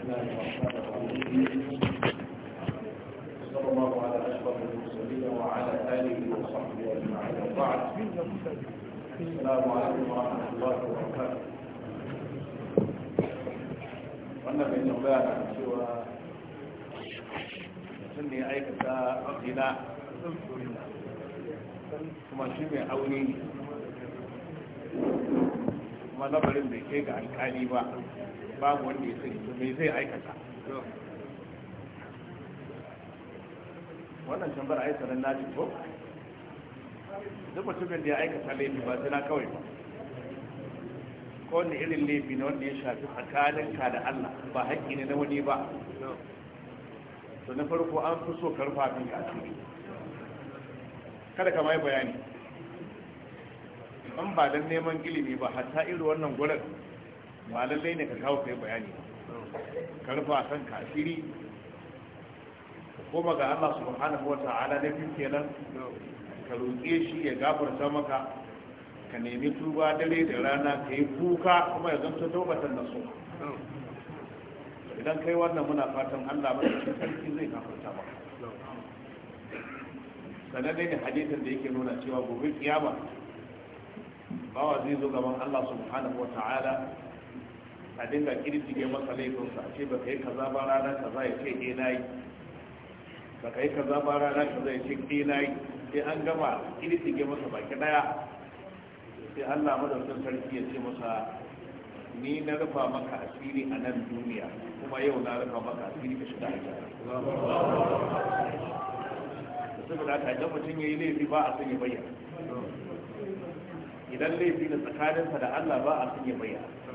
الله الله على أشرف المرسلين وعلى آله وصحبه أجمعين وبعد السلام عليكم ورحمة الله وبركاته wannan mai tambaya na cewa mutum ne aikata zina kuma shi mai aure ne ba babu wanda ya sani to me zai aikata wannan tambar ai sanan naji ko duk mutumin da ya aikata laifi ba sai na kawai ba ko wani irin laifi na wanda ya shafi tsakaninka da Allah ba haƙƙi ne na wani ba to na farko an fi so karfa min ka kada ka mai bayani an ba dan neman ilimi ba hatta irin wannan gurin ba lallai ne ka kawo kai bayani ka rufa a kan kashiri koma ga Allah subhanahu wa ta'ala na fi kenan ka roƙe shi ya gafarta maka ka nemi tuba dare da rana ka yi kuka kuma ya zanta taubatan da su idan kai wannan muna fatan Allah ba shi sarki zai gafarta maka sanar da hadisin da yake nuna cewa gobe kiyama bawa zai zo gaban Allah subhanahu wa ta'ala a dinga kirjige masa sa ce ba kai yi kaza ba rana kaza ya ce eh nayi ba kai yi kaza ba rana kaza ya ce eh nayi sai an gama kirjige masa baki daya sai Allah madaukakin sarki ya ce masa ni na rufa maka asiri a nan duniya kuma yau na rufa maka asiri ka shiga aljanna saboda ta idan mutum ya yi laifi ba a son ya bayyana idan laifi na tsakaninsa da Allah ba a son ya bayyana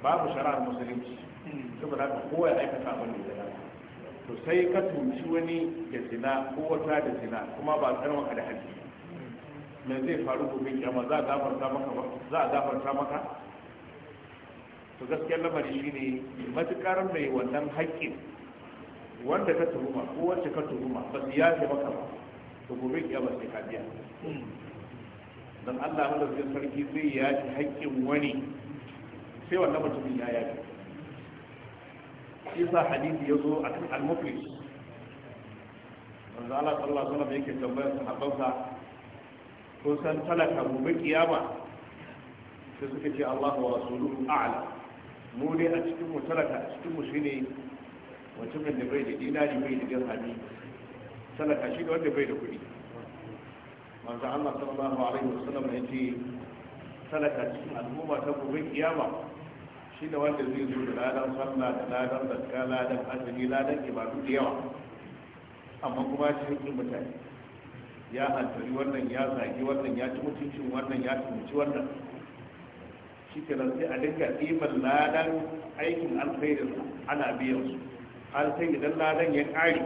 babu shari'ar musulunci saboda haka kowa ya aikata abin da ya to sai ka tunci wani da zina ko wata da zina kuma ba tsar maka da haji me zai faru gobe kiyama za a gafarta maka ba? za a gafarta maka to gaskiyar lamari ne matukar mai wannan haƙƙin wanda ka tuhuma ko wacce ka tuhuma ba su yafe maka ba to gobe kiyama sai ka biya dan Allah madaukakin sarki zai yafe haƙƙin wani sai wannan mutumin ya yaji shi sa hadisi ya zo a kan al-muflis manzo Allah sallallahu alaihi wasallam yake tambayar sahabbansa ko san talaka mu bi kiyama sai suka ce Allah wa rasuluhu a'la mu ne a cikin mu talaka a cikin mu shine mutumin da bai da dinari bai da dirhami talaka shi da wanda bai da kuɗi manzo Allah sallallahu alaihi wasallam yace talaka cikin al'umma ta gobe kiyama shi da wanda zai zo da ladan sallah da ladan zakka ladan azumi ladan ibadu da yawa amma kuma shi ne mutane ya hantari wannan ya zagi wannan ya ci mutuncin wannan ya tumuci wannan shi ke sai a dinga ɗiban ladan aikin alkhairin ana biyan su an sai idan ladan ya ƙare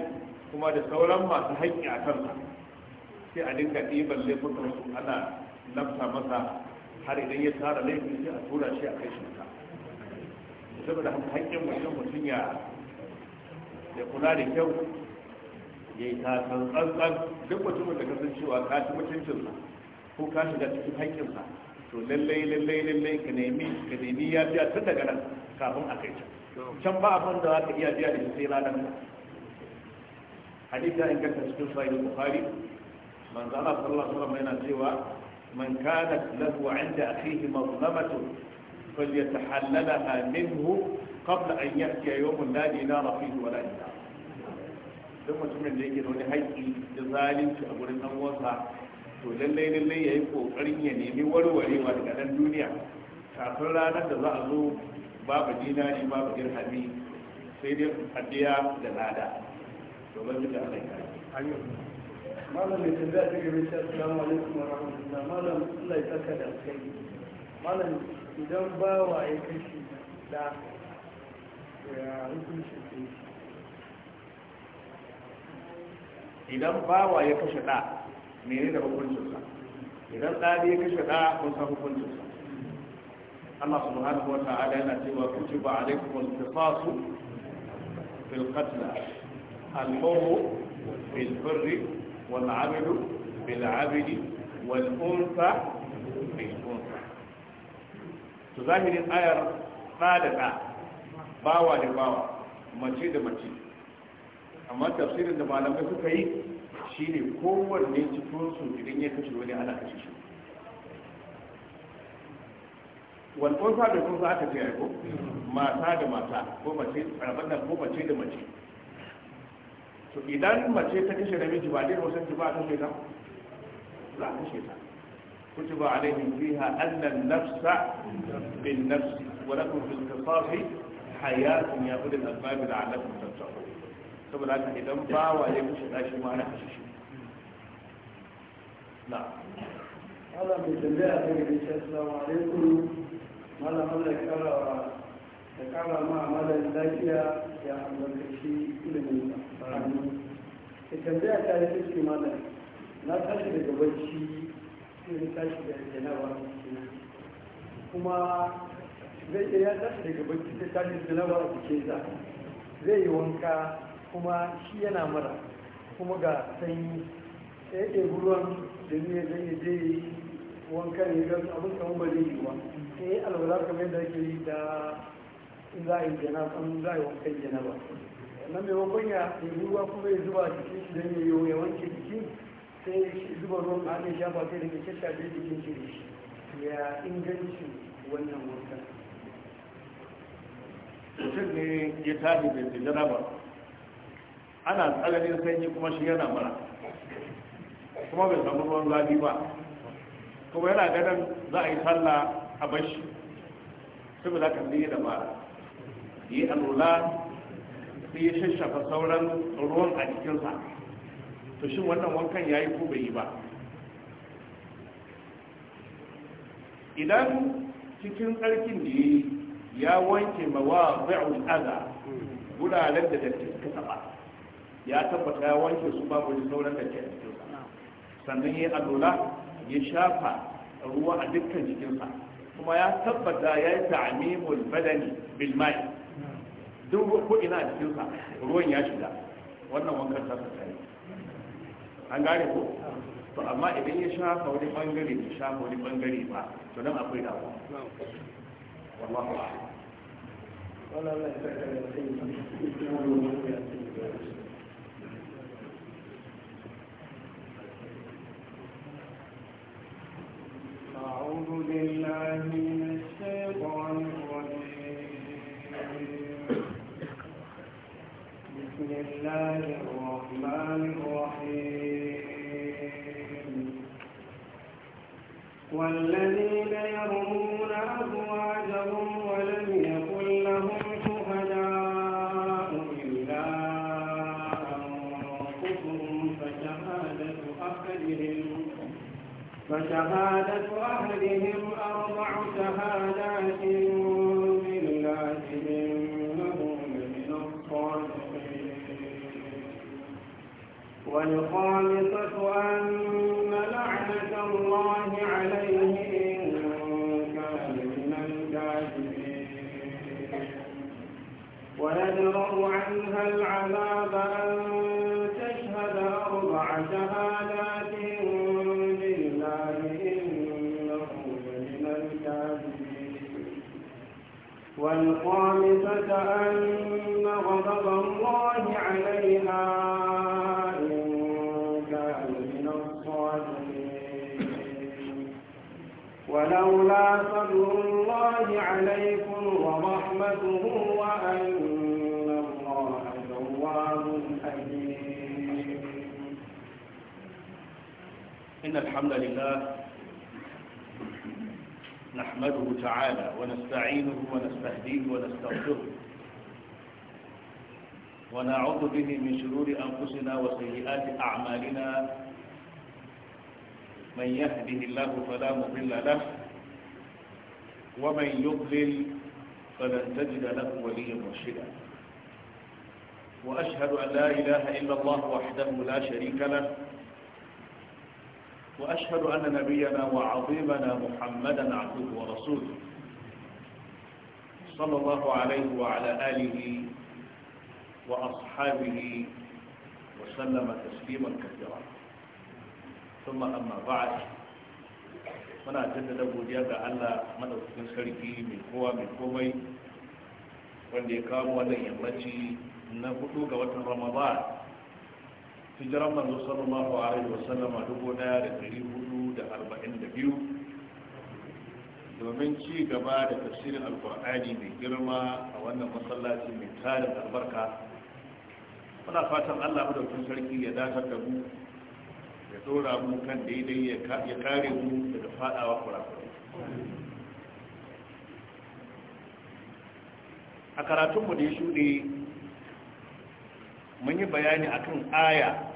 kuma da sauran masu haƙƙi a kansa sai a dinga ɗiban laifukan su ana lafta masa har idan ya tara laifin sai a tura shi a kai shi saboda hankin mutum mutum ya ya kula da kyau ya yi tasan tsantsan duk mutum da cewa ka ci mutuncinsa ko ka shiga cikin hakkinsa to lallai lallai lallai ka nemi ka nemi ya biya tun daga nan kafin a kai can can ba abin da za ka iya biya da shi sai ranar hadisi ya inganta cikin sahih bukhari manzo Allah sallallahu alaihi wasallam yana cewa man kana lahu inda akhihi mazlamatu فليتحللها منه قبل أن يأتي يوم لا دينار فيه ولا دينار duk mutumin da yake da wani haƙƙi da zalunci a gurin ɗan wasa to lallai lallai ya yi ƙoƙarin ya nemi warwarewa daga ɗan duniya kafin ranar da za a zo babu dinari babu dirhami sai dai hadiya da lada domin duka Allah ya malam mai tambaya ta gaba ta assalamu alaikum wa rahmatullah malam Allah da alkhairi idan ba wa ya kashi da ya hukuncin da shi idan ba wa ya kashi da mene da hukuncinsa idan ɗa ya kashi da kun san hukuncinsa Allah subhanahu wa ta'ala yana cewa kutiba alaikum al-qisasu fil qatl al-hurr bil hurr wal 'abd bil 'abd wal unsa bil to zahirin ayar ɗa da ɗa bawa da bawa mace da mace amma tafsirin da malamai suka yi shine kowanne cikinsu idan ya kashe wani ana kashe shi walƙunsa da kunsa aka ce ko mata da mata ko mace tsarabannan ko mace da mace to idan mace ta kashe namiji ba dai wasan ba a kashe ta za a kashe ta كتب عليهم فيها أن النفس بالنفس ولكم في القصاص حياة يا أولي الألباب لعلكم تفتحون ثم لا تهدم با وعليكم شيء ما نحشش نعم هذا من جميع أخير السلام عليكم ماذا لا أولا كرر تكرر ما عمل الله يا عبد الكشي كل من الله كم جاء كاركسي ما لا لا تشرك وجهي sai tashi da janawa kuma zai iya tashi daga sai tashi da janawa a zai yi wanka kuma shi yana mara kuma ga sanyi sai ya ɗebi ruwan da ne zai yi ya ga abin kamar ba zai yi ba sai ya alwala kamar yadda ake yi da za a yi za a yi wankan nan maimakon ya ɗebi ruwa kuma ya zuba jikin shi don ya yi wanke jikin sai zuba ruwan hannun shafa sai da ke cikin da jikin shi ya inganci wannan wankan mutum ne ya tashi bai sujjana ba ana tsananin sanyi kuma shi yana mara kuma bai samu ruwan zafi ba kuma yana ganin za a yi sallah a bashi saboda kan ka yi da mara yi alula sai ya shashafa sauran ruwan a jikinsa to shin wannan wankan ya yi ko bai yi ba idan cikin tsarkin da ya yi ya wanke mawa bai'ul aza wuraren da datti suka saba ya tabbata ya wanke su babu wani sauran datti a cikinsa sannan ya yi alola ya shafa ruwa a dukkan jikinsa kuma ya tabbata ya yi ta'amimul badani bil mai duk ko ina a cikinsa, ruwan ya shiga wannan wankan sa ta an gane ko to amma idan ya shafa wani bangare ya shafa wani bangare ba to nan akwai dawo da أعوذ بالله من الشيطان الرجيم بسم الله الرحمن الرحيم والذين يرمون أزواجهم ولم يكن لهم شهداء إلا أنفسهم فشهادة أحدهم فشهادة أهلهم أربع شهادات والخامسة أن الحمد لله نحمده تعالى ونستعينه ونستهديه ونستغفره ونعوذ به من شرور أنفسنا وسيئات أعمالنا من يهده الله فلا مضل له ومن يضلل فلن تجد له وليا مرشدا وأشهد أن لا إله إلا الله وحده لا شريك له وأشهد أن نبينا وعظيمنا محمدا عبده ورسوله صلى الله عليه وعلى آله وأصحابه وسلم تسليما كثيرا ثم أما بعد فنا جد لبو جاد على من أتكسرك من قوى من قومي وأن يكام ولن يمتي نبوك وطن رمضان hijiran manzo sallallahu alaihi wasallama dubu daya da dari hudu da arba'in da biyu domin ci gaba da tafsirin alkur'ani mai girma a wannan masallaci mai tarin albarka muna fatan allah madaukin sarki ya datar da mu ya tsora mu kan daidai ya kare mu daga fadawa kurakurai a karatunmu da ya shuɗe mun yi bayani akan aya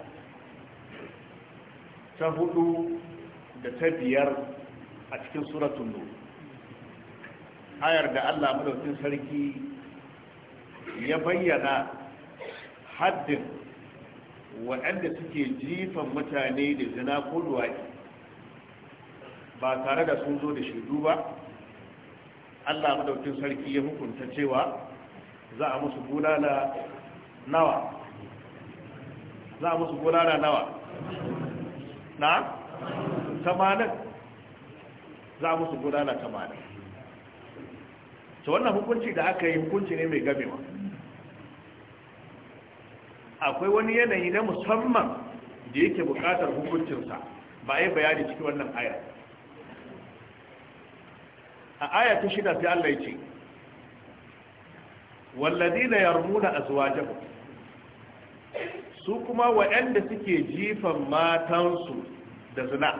ta hudu da ta biyar a cikin suratun nu ayar da allah madaukin sarki ya bayyana haddin waɗanda suke jifan mutane da zina ko duwaki. ba tare da sun zo da shaidu ba allah madaukin sarki ya hukunta cewa za a musu bulala nawa za musu gudana nawa na tamanin za a musu gulana tamanin ta wannan hukunci da aka yi hukunci ne mai gamewa akwai wani yanayi na musamman da yake bukatar hukuncinsa ba yi bayani cikin wannan ayar a aya ta shida sai Allah ya ce a zuwa أزواجهم su kuma waɗanda suke jifan matansu da zina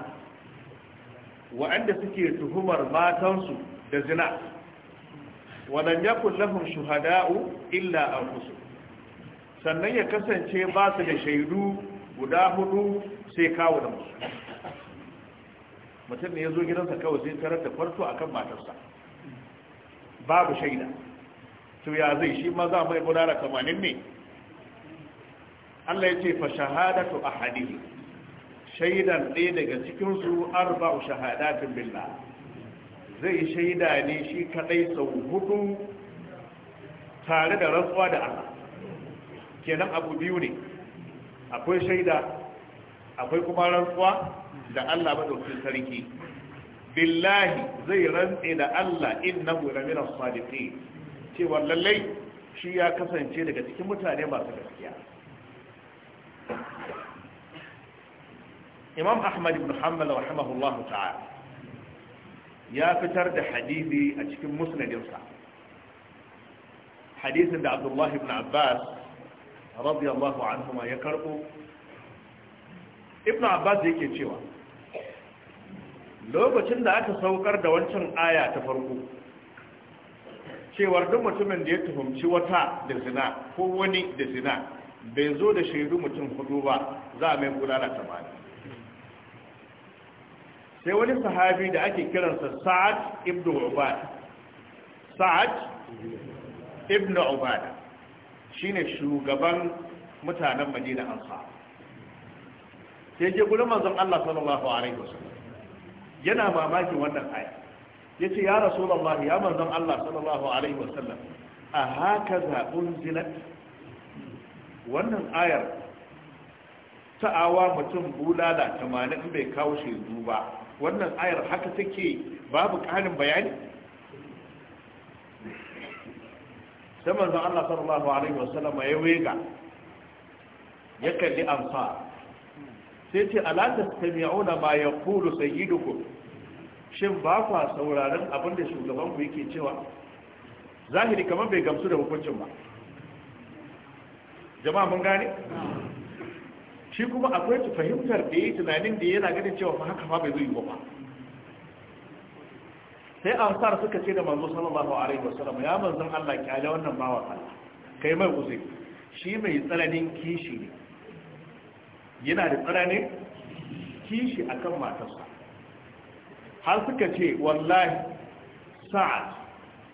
waɗanda suke tuhumar matansu da zina waɗanda ya kullafin shuhada'u illa an kusu sannan ya kasance ba su da shaidu guda hudu sai kawo da musu mutum ne ya zo gidansa kawai sai tarar da farko akan matarsa babu shaida to ya zai shi ma za mai gudanar kamanin ne Allah ya ce fa shahadatu ahadihi shaidan ɗaya daga cikin su arba'u shahadatin billah zai shaida ne shi kadai sau hudu tare da rantsuwa da Allah kenan abu biyu ne akwai shaida akwai kuma rantsuwa da Allah madaukakin sarki billahi zai rantse da Allah innahu lamina sadiqin cewa lallai shi ya kasance daga cikin mutane masu gaskiya imam ahmad ibn hanbal rahimahullahu ta'ala ya fitar da hadisi a cikin musnadinsa hadisin da abdullahi ibn abbas radiyallahu anhuma ya karbo ibn abbas yake cewa lokacin da aka saukar da wancan aya ta farko cewar duk mutumin da ya tuhumci wata da zina ko wani da zina bai zo da shaidu mutum hudu ba za a mai gudana tamanin sai wani sahabi da ake kiransa sa'ad ibn ubada sa'ad ibn ubada shine shugaban mutanen madina ansa sai je gurin manzon Allah sallallahu alaihi wasallam yana mamaki wannan aya yace ya rasulullahi ya manzon Allah sallallahu alaihi wasallam a haka za unzilat wannan ayar ta awa mutum bulala 80 bai kawo shi duba wannan ayar haka take babu ƙarin bayani sai da Allah sallallahu alaihi wasallam ya wega ya kalli amsa sai ce ala tastami'una ma kulu sayyiduku shin ba kwa sauraron abin da shugaban ku yake cewa zahiri kamar bai gamsu da hukuncin ba jama'a mun gane shi kuma akwai su fahimtar da ya tunanin da yana ganin cewa fa haka ma bai zai ba sai ansar suka ce da manzo sallallahu alaihi wasallam ya manzon Allah kyale wannan bawa Allah kai mai uzuri shi mai tsananin kishi ne yana da tsananin kishi a kan matarsa har suka ce wallahi sa'ad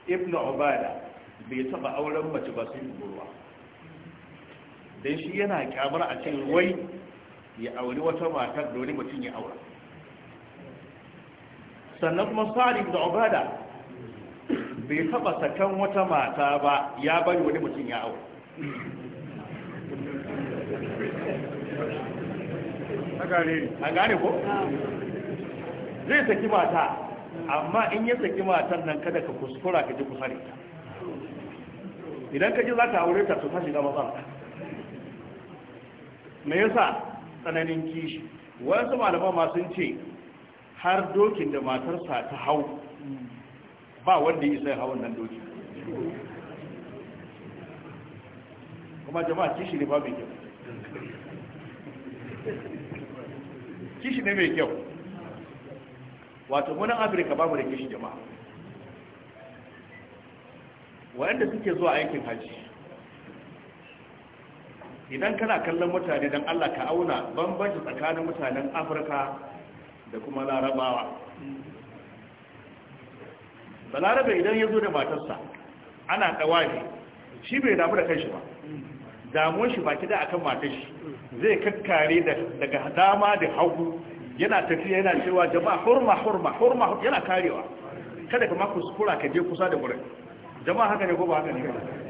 ibn Obada bai taba auren mace ba sai budurwa dan shi yana kyamar a cikin wai ya auri wata matar da wani mutum ya aura sannan kuma salim da obada bai taba sakan wata mata ba ya bari wani mutum ya aura a gane ko? zai saki mata amma in ya saki matan nan kada ka kuskura ka ji kusare ta idan ka ji za ka aure ta to ta shiga matsala me yasa tsananin kishi wasu malaman ma sun ce har dokin da matarsa ta hau ba wanda ya hawan nan doki kuma jama'a kishi ne ba mai kyau kishi ne mai kyau wato munan afirka ba mu da kishi jama'a wa'anda suke zuwa aikin hajji idan kana kallon mutane don Allah ka auna bambanci tsakanin mutanen afirka da kuma larabawa balarabe idan ya zo da matarsa ana ɗawaje shi bai damu da kanshi ba damuwar shi baki da akan matar shi zai kakkare daga dama da hagu yana tafiya yana cewa jama'a hurma hurma hurma yana karewa kada ka ma kuskura ka je kusa da gurin jama'a haka ne ko ba haka ne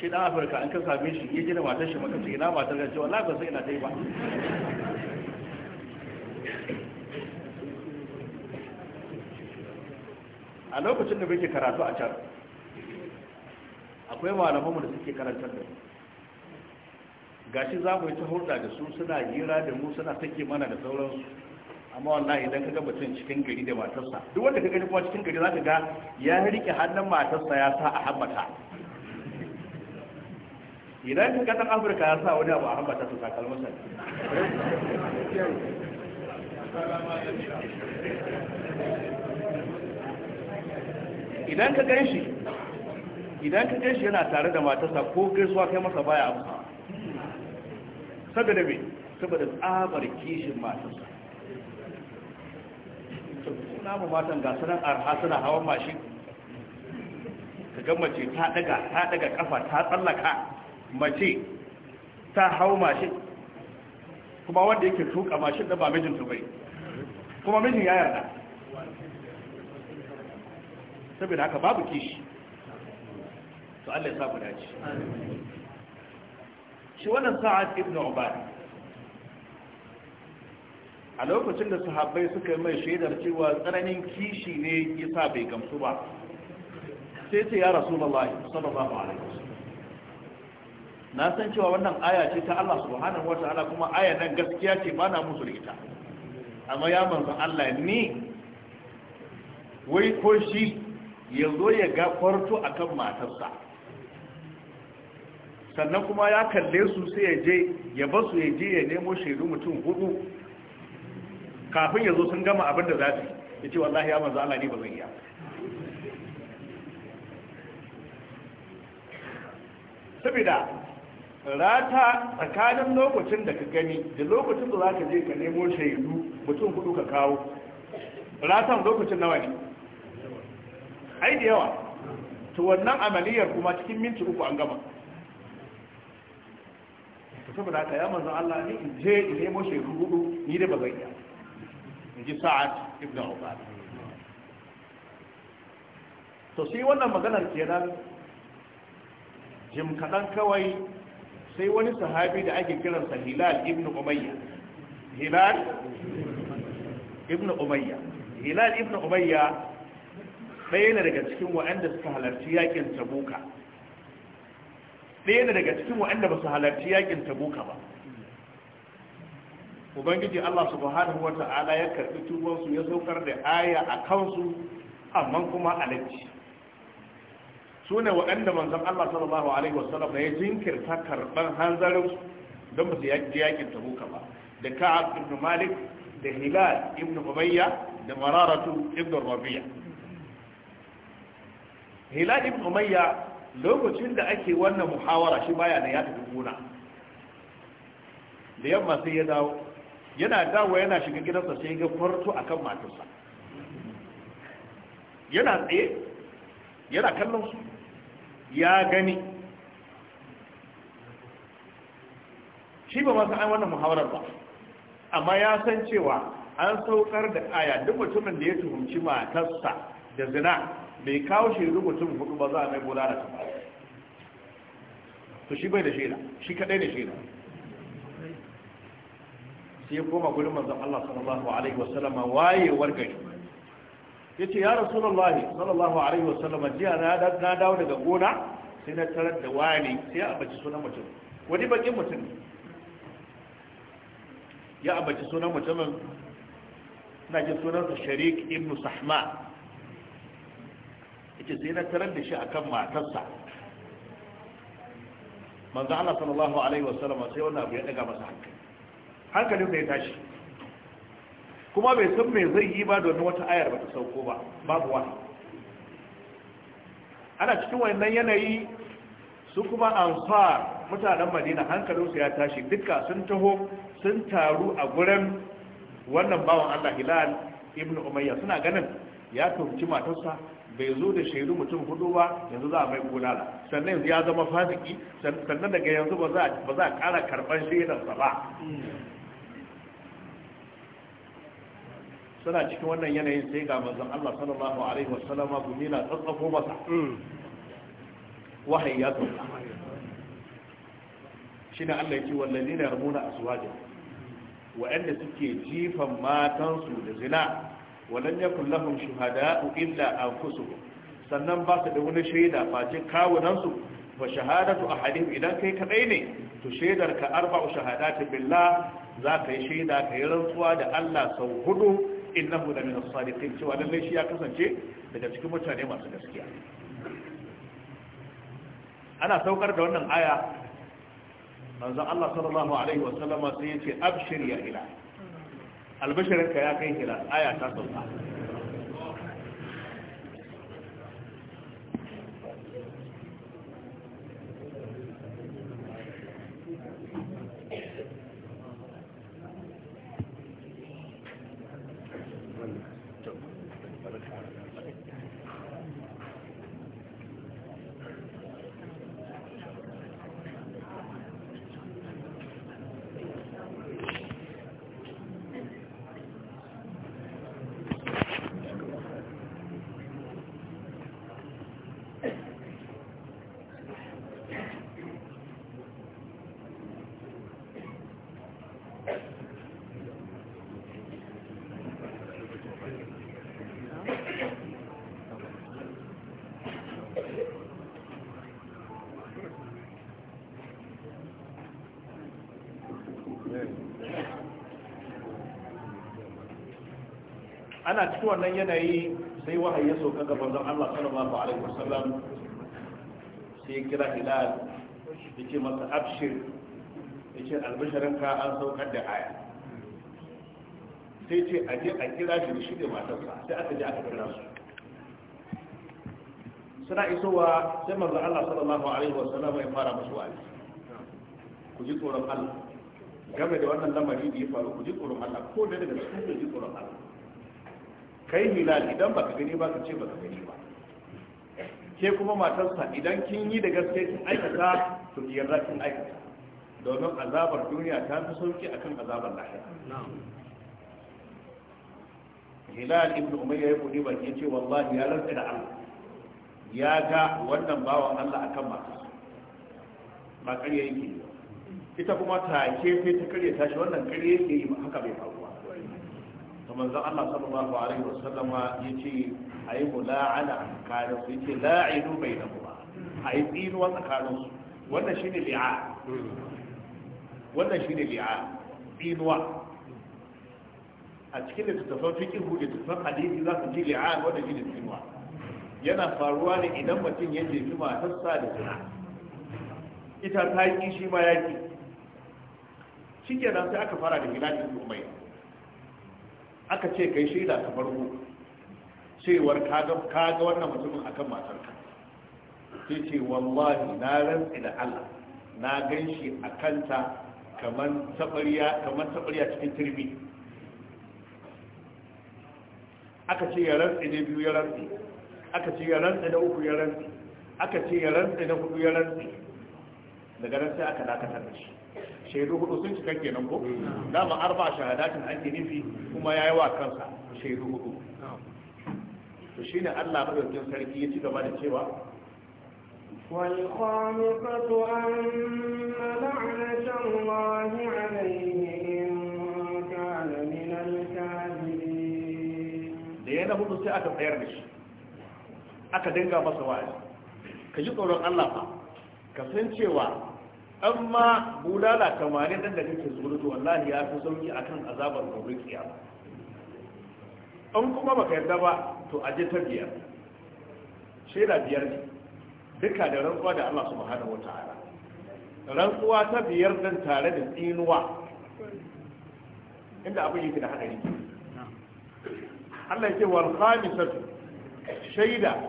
shi dan afirka an kan same shi ya gina matar shi maka ce ina matar ga cewa labar sai na ta yi ba a lokacin da muke karatu a can akwai malamanmu da suke karantar da Ga shi za mu yi ta hulɗa da su suna gira da mu suna take mana da sauransu amma wallahi idan ka ga mutum cikin gari da matarsa duk wanda ka gani kuma cikin gari za ka ga ya riƙe hannun matarsa ya sa a hammata idan ka kasan afirka ya sa wani abu a hambata su takalmasa idan ka gan shi idan ka gan shi yana tare da matasa ko gaisuwa kai masa baya abu saboda me saboda tsabar kishin matasa. namu matan ga sunan arha suna hawan mashin ka gammace ta ɗaga, ta daga kafa ta tsallaka mace ta hau mashin kuma wanda yake tuka mashin da ba mijinta bai kuma mijin ya yarda saboda haka babu kishi to Allah ya sa guda ce shi wannan sa'ad ibn ubad a lokacin da sahabbai suka yi mai shaidar cewa tsananin kishi ne yasa bai gamsu ba sai ce ya rasulullahi sallallahu alaihi wasallam na san cewa wannan aya ce ta Allah subhanahu ta'ala kuma aya nan gaskiya ce ba na musu ita amma ya manzon Allah ni wai ko shi ya zo ya ga kwarto akan matarsa sannan kuma ya kalle su sai ya je ya basu ya je ya nemo shaidu mutum hudu kafin ya zo sun gama abin da za su ya ce wallahi ya manzo Allah ne ba zan iya saboda rata tsakanin lokacin da ka gani da lokacin da za ka je ka nemo shaidu mutum hudu ka kawo ratan lokacin nawa ne ai da yawa to wannan amaliyar kuma cikin minti uku an gama to saboda haka ya manzan Allah ne in je in nemo shaidu hudu ni da ba zai iya in ji sa'ad ibn Ubad to sai wannan maganar kenan jim kaɗan kawai sai wani sahabi da ake kiransa hilal ibn umayya hilal ibn umayya hilal ibn umayya ɗaya ne daga cikin waɗanda suka halarci yakin tabuka ɗaya ne daga cikin waɗanda ba su halarci yakin tabuka ba ubangiji allah subhanahu wa ta'ala ya karɓi tubansu ya saukar da aya a kansu amma kuma alaji su ne waɗanda manzan Allah sallallahu alaihi wasallam ya jinkirta karɓar hanzarin don ba su yaƙi yaƙin tabuka ba da ka'ab ibn malik da hilal ibn umayya da mararatu ibn rabi'a hilal ibn umayya lokacin da ake wannan muhawara shi baya da ya tafi gona da yamma sai ya dawo yana dawo yana shiga gidansa sai ga farto akan matarsa yana tsaye yana kallon su ya gani shi ba masu an wannan muhawarar ba amma ya san cewa an saukar da aya duk mutumin da ya tuhumci matarsa da zina bai kawo shi duk mutum hudu ba za a mai bulala ta ba to shi bai da shaida shi kadai da shaida sai koma gudun manzon Allah sallallahu alaihi wasallama wayewar gari yace ya rasulullahi sallallahu alaihi wasallam jiya na dawo daga gona sai na tarar da wani sai a baci sunan mutum wani bakin mutum ya a baci sunan mutum na ji sunan sa sharik ibnu sahma yace sai na tarar da shi akan matarsa manzo Allah sallallahu alaihi wasallam sai wannan abu ya daga masa hankali hankalin da ya tashi kuma bai san mai zai yi ba domin wata ayar ba ta sauko ba babu wani ana cikin wannan yanayi su kuma ansar mutanen madina hankalinsu ya tashi duka sun taho sun taru a gurin wannan bawan allah hilal ibn umayya suna ganin ya tumci matarsa bai zo da shaidu mutum hudu ba yanzu za a mai bulala sannan yanzu ya zama fasiki sannan daga yanzu ba za a kara karɓar shaidansa ba suna cikin wannan yanayin sai ga manzon Allah sallallahu alaihi wasallama gumi na tsatsafo masa mm. wahayi ya sauka shine Allah ya ce wallazina yarmuna aswajahum wa'anda suke jifan matansu da zina walan yakun lahum shuhada'u illa anfusuhum sannan ba su da wani shaida face su fa shahadatu ahadihim idan kai kadai ne to shaidar ka arba'u shahadatin billah za ka yi shaida ka yi rantsuwa da Allah sau hudu innahu da min as-sadiqin cewa lallai shi ya kasance daga cikin mutane masu gaskiya ana saukar da wannan aya manzon Allah sallallahu alaihi wa sallama sai ya ce abshir ya ila albashirinka ya kai ila aya ta sauka ana cikin wannan yanayi sai wahayi ya soka ga banzan Allah sallallahu alaihi wasallam sai ya kira Hilal yace masa abshir yace albasharin ka an saukar da aya sai ce a je a kira shi shi da matarsa sai aka je aka kira su suna isowa sai manzon Allah sallallahu alaihi wasallam ya fara musu wa'azi ku ji tsoron Allah game da wannan lamari da ya faru ku ji tsoron Allah ko da daga cikin ji tsoron Allah kai hilal idan baka gani ba ka ce baka gani ba ke kuma matarsa idan kin yi da gaske kin aikata to ki yarda kin aikata domin azabar duniya ta fi sauki akan azabar lahira hilal ibn umayya ya kudi baki ce wallahi ya rantsa da Allah ya ga wannan bawan Allah akan matarsa ba ƙarya yake yi ita kuma ke sai ta karya tashi wannan karya yake yi haka bai faru to manzon Allah sallallahu alaihi sallama yace ayi mula'ana kare su yace la'inu ba. ayi wa tsakanin su wannan shine li'a wannan shine li'a tsinuwa a cikin littattafan da littattafan hadisi za su ji li'a wannan shine tsinuwa yana faruwa ne idan mutum ya jefi matarsa da zina ita ta yi shi ma yaki shi kenan sai aka fara da hilalin kumai aka ce kai shaida ta farko cewar ka ga wannan mutumin akan matarka sai ce wallahi na rantsi da Allah na gan shi a kanta kamar tabariya cikin turmi aka ce ya rantsi da biyu ya rantsi aka ce ya rantsi da uku ya rantsi aka ce ya rantsi da hudu ya rantsi daga nan aka dakatar da shi shaidu hudu sun cika kenan ko dama arba shahadatin ake nufi kuma yayi wa kansa shaidu hudu to shine Allah madaukakin sarki ya ci gaba da cewa والخامسة أن لعنة الله عليه إن كان من الكاذبين لأنه مدرسة أكبر يرمش أكدنجا مصر وعلي ka ji tsoron Allah ka san cewa amma bulala tamanin dan da kake zurtu wallahi ya fi sauki akan azabar gobe kiyama an kuma baka yarda ba to aje ta biyar shaida biyar ne duka da rantsuwa da Allah subhanahu wataala rantsuwa ta biyar dan tare da tsinuwa inda abin yake da hadari Allah yake wal khamisatu shaida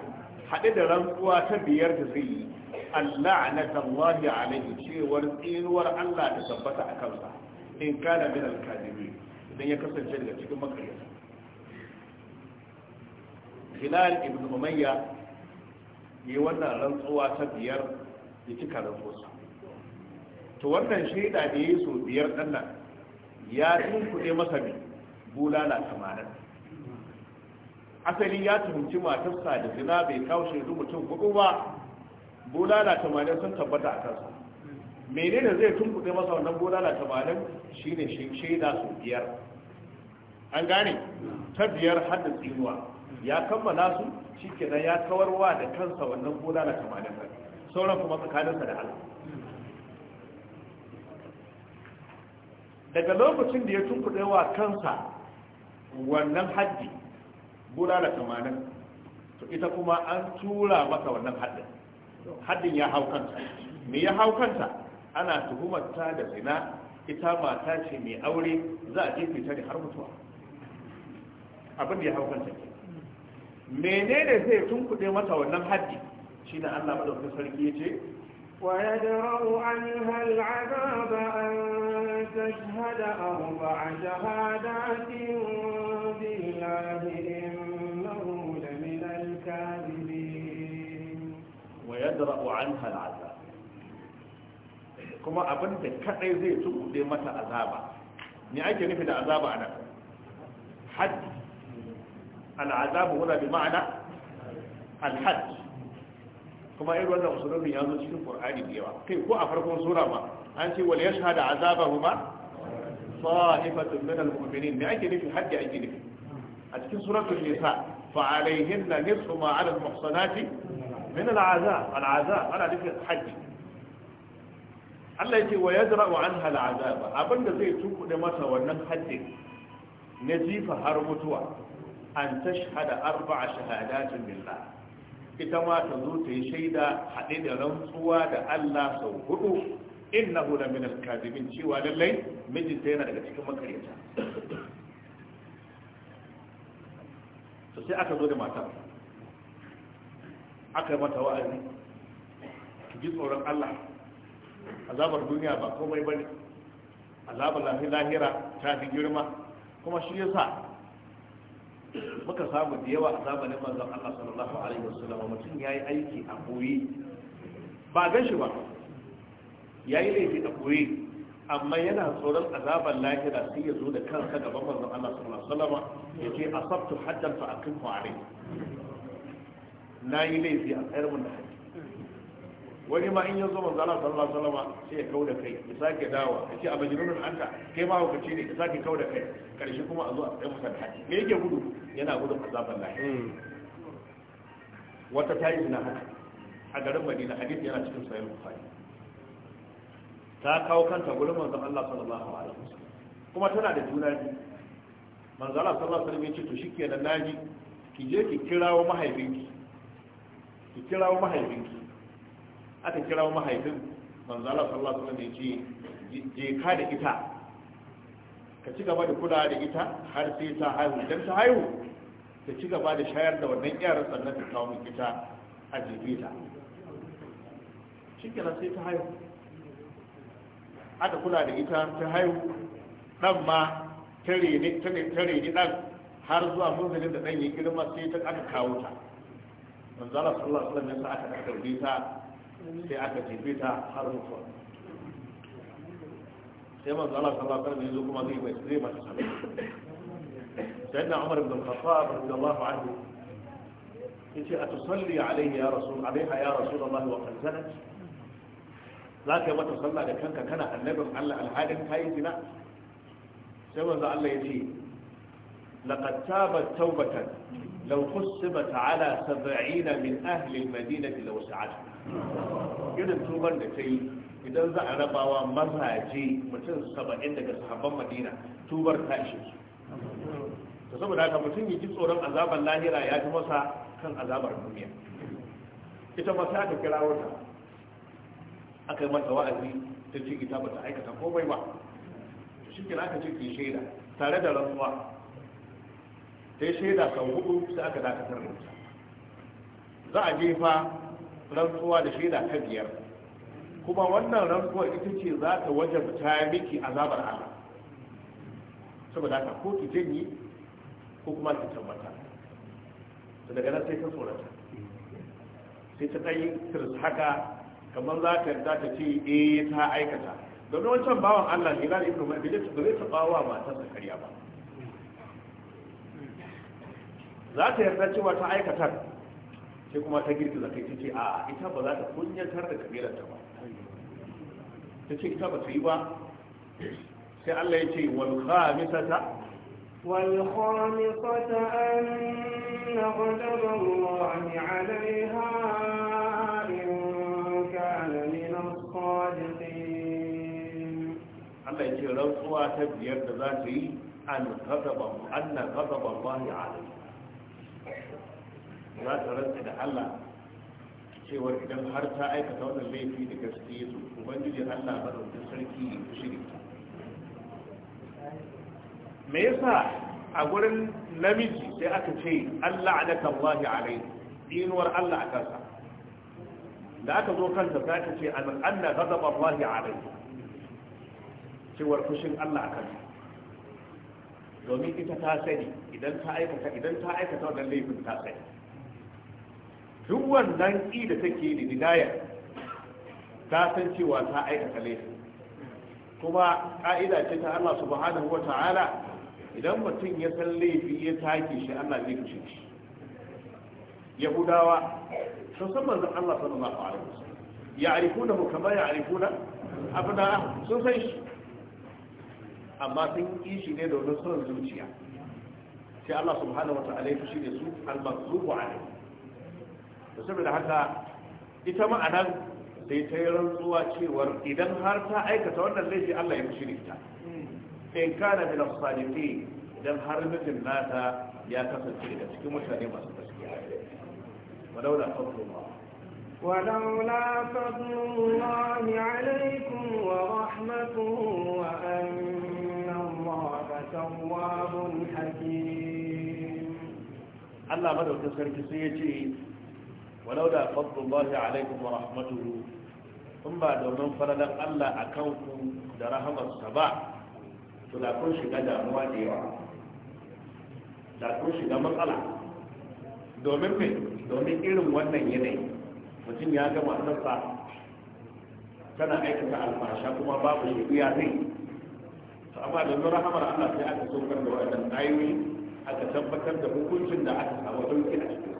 hade da rantsuwa ta biyar da zai yi اللعنة الله عليه cewar tsinuwar Allah da tabbata a kansa in kana min al-kadibin idan ya kasance daga cikin makariya Hilal ibn Umayya yi wannan rantsuwa ta biyar da cika rantsuwa to wannan shaida da yayi so biyar ɗan nan ya tunkuɗe masa ne bulala tamanin asali ya tunci matarsa da zina bai kawo shaidu mutum kudu ba bulala tamanin sun tabbata a kansa menene zai tunkuɗe masa wannan bulala tamanin shine shaida su biyar an gane ta biyar haddin tsinuwa ya kammala su shi kenan ya kawarwa da kansa wannan bulala tamanin sauran kuma tsakaninsa da Allah daga lokacin da ya tunkuɗe wa kansa wannan haddi bulala tamanin to ita kuma an tura masa wannan haddin haddin ya hau kanta me ya hau kanta ana tuhumar ta da zina ita mata ce mai aure za a jefe ta da har mutuwa abin da ya hau kanta ke menene zai tunkuɗe mata wannan haddi Shi na Allah maɗaukar sarki ce ويدرأ عنها العذاب أن تشهد أربع شهادات بالله yadra'u anha al'azab kuma abin da kadai zai tukude mata azaba me ake nufi da azaba ana had al'azabu huna bi ma'ana al kuma irin wannan usulun ya zo cikin qur'ani da yawa kai ko a farkon sura ma an ce wal yashhadu azabahuma sa'ifatun min al-mu'minin me ake nufi haddi ake nufi a cikin suratul nisa fa alaihinna nisfu ma 'ala al-muhsanati min al'aza al'aza ana nufin haji Allah yake wa yadra'u anha al'azaba abinda zai tunkuɗe masa wannan haddin na jifa har mutuwa an tashhada arba'a shahadatin billah ita ma ta zo ta yi shaida haɗe da rantsuwa da Allah sau huɗu innahu la min al-kadibin cewa lallai mijinta yana daga cikin makaryata to sai aka zo da matar aka yi mata wa'azi ki ji tsoron Allah azabar duniya ba komai ba ne, azabar lahira ta fi girma kuma shi yasa muka samu da yawa a zamanin manzon Allah sallallahu alaihi wasallam mutum yayi aiki a koyi ba gan shi ba ya yi laifi a koyi amma yana tsoron azaban lahira sai ya zo da kansa gaban manzon Allah sallallahu alaihi wasallam yace asabtu haddan a kan alayhi na yi laifi a tsayar mun da haƙƙi wani ma in yanzu manzo Allah sallallahu alaihi wasallam sai ya kauda kai ya sake dawa ya ce a majnunun anta kai ma hukunci ne ya sake kauda kai karshe kuma a zo a tsayar mun da haƙƙi me yake gudu yana gudun azaban lahi hmm. wata tayi na haka a garin Madina hadisi yana cikin sahih Bukhari ta kawo kanta gurin manzo Allah sallallahu alaihi wasallam kuma tana da juna biyu manzo Allah sallallahu alaihi wasallam ya ce to shikenan naji ki je ki kirawo mahaifinki ki kirawo mahaifinki aka kirawo mahaifin manzala sallallahu alaihi wasallam ya je ka da ita ka ci gaba da kula da ita har sai ta haihu dan ta haihu ta ci gaba da shayar da wannan yaran sannan ta kawo miki ta a jibi ta sai ta haihu aka kula da ita ta haihu dan ma tare ne dan har zuwa munzalin da dan yi girma sai ta aka kawo ta manzala sallallahu alaihi wasallam ya aka karbe ta sai aka jefe ta har mutuwa sai manzala sallallahu alaihi wasallam ya zo kuma zai mai zai mata sallah sayyidina umar ibn al-khattab radiyallahu anhu yace a tusalli alaihi ya rasul alaiha ya rasulullahi wa qad zanat za ka yi mata sallah da kanka kana annabin Allah alhalin kayi zina sai manzo Allah ya ce لقد تابت توبة لو خصبت على سبعين من أهل المدينة لو سعدت irin tubar da ta yi idan za a rabawa mazaje mutum saba'in daga sahabban madina tubar ta ishe su saboda haka mutum yi tsoron azabar lahira ya ji masa kan azabar duniya ita masa ta kira wata aka yi mata wa'azi ba ta aikata komai ba shaida tare da rantsuwa sai shaida sau hudu sai aka dakatar da ita za a jefa rantsuwa da shaida ta biyar kuma wannan rantsuwa ita ce za ta wajen ta miki azabar Allah saboda haka ko ki janye ko kuma ki tabbata to daga nan sai ta tsorata sai ta tsayi tirs haka kamar za ta za ta ce eh ta aikata domin wancan bawan Allah ne lalai ibnu ma'abidi ba zai taɓa wa da karya ba za ta yarda cewa ta aikata sai kuma ta girgiza kai ta ce a ita ba za ta kunyantar da kabilarta ba ta ce ita ba ta yi ba sai Allah ya ce wal khamisata wal khamisata an ghadab Allah alaiha in kana min as-sadiqin Allah ya ce rantsuwa ta biyar da za ta yi an ghadab an ghadab Allah alaiha za ta rantsa da Allah cewar idan har ta aikata wannan laifi da gaske su ubangiji Allah ba da sarki shiri me yasa a gurin namiji sai aka ce Allah alaka Allahi alai dinuwar Allah a kansa da aka zo kanta za ta ce an anna ghadab Allahi alai cewar fushin Allah a kansa domin ita ta sani idan ta aikata idan ta aikata wannan laifin ta sani duk wannan ƙi da take yi bidaya ta san cewa ta aikata laifi kuma ƙa'ida ce ta Allah subhanahu wa ta'ala idan mutum ya san laifi ya take shi Allah zai kashe shi yahudawa sun san manzo Allah sallallahu alaihi wasallam ya kama ya'rifuna abna sun san shi amma sun yi shi ne wani son zuciya sai Allah subhanahu wa ta'ala ya fushi da su al-maghlubu alaihi to saboda haka ita ma'anar anan sai yi rantsuwa cewar idan har ta aikata wannan laifi Allah ya mushi ta in kana da as-sadiqin idan har mijin nata ya kasance da cikin mutane masu gaskiya walaula wa ولولا فضل sarki sai ya ce. ولولا فضل الله عليكم ورحمته ثم بعد من فلن الله أكوكم درهم السبع فلا كل شيء قد أمواتي لا كل شيء قد مطلع domin mai domin irin wannan yanayi mutum ya ga matarsa tana aikata alfasha kuma babu shi ya zai to amma domin rahamar Allah sai aka saukar da waɗannan ayoyi aka tabbatar da hukuncin da aka samu dauki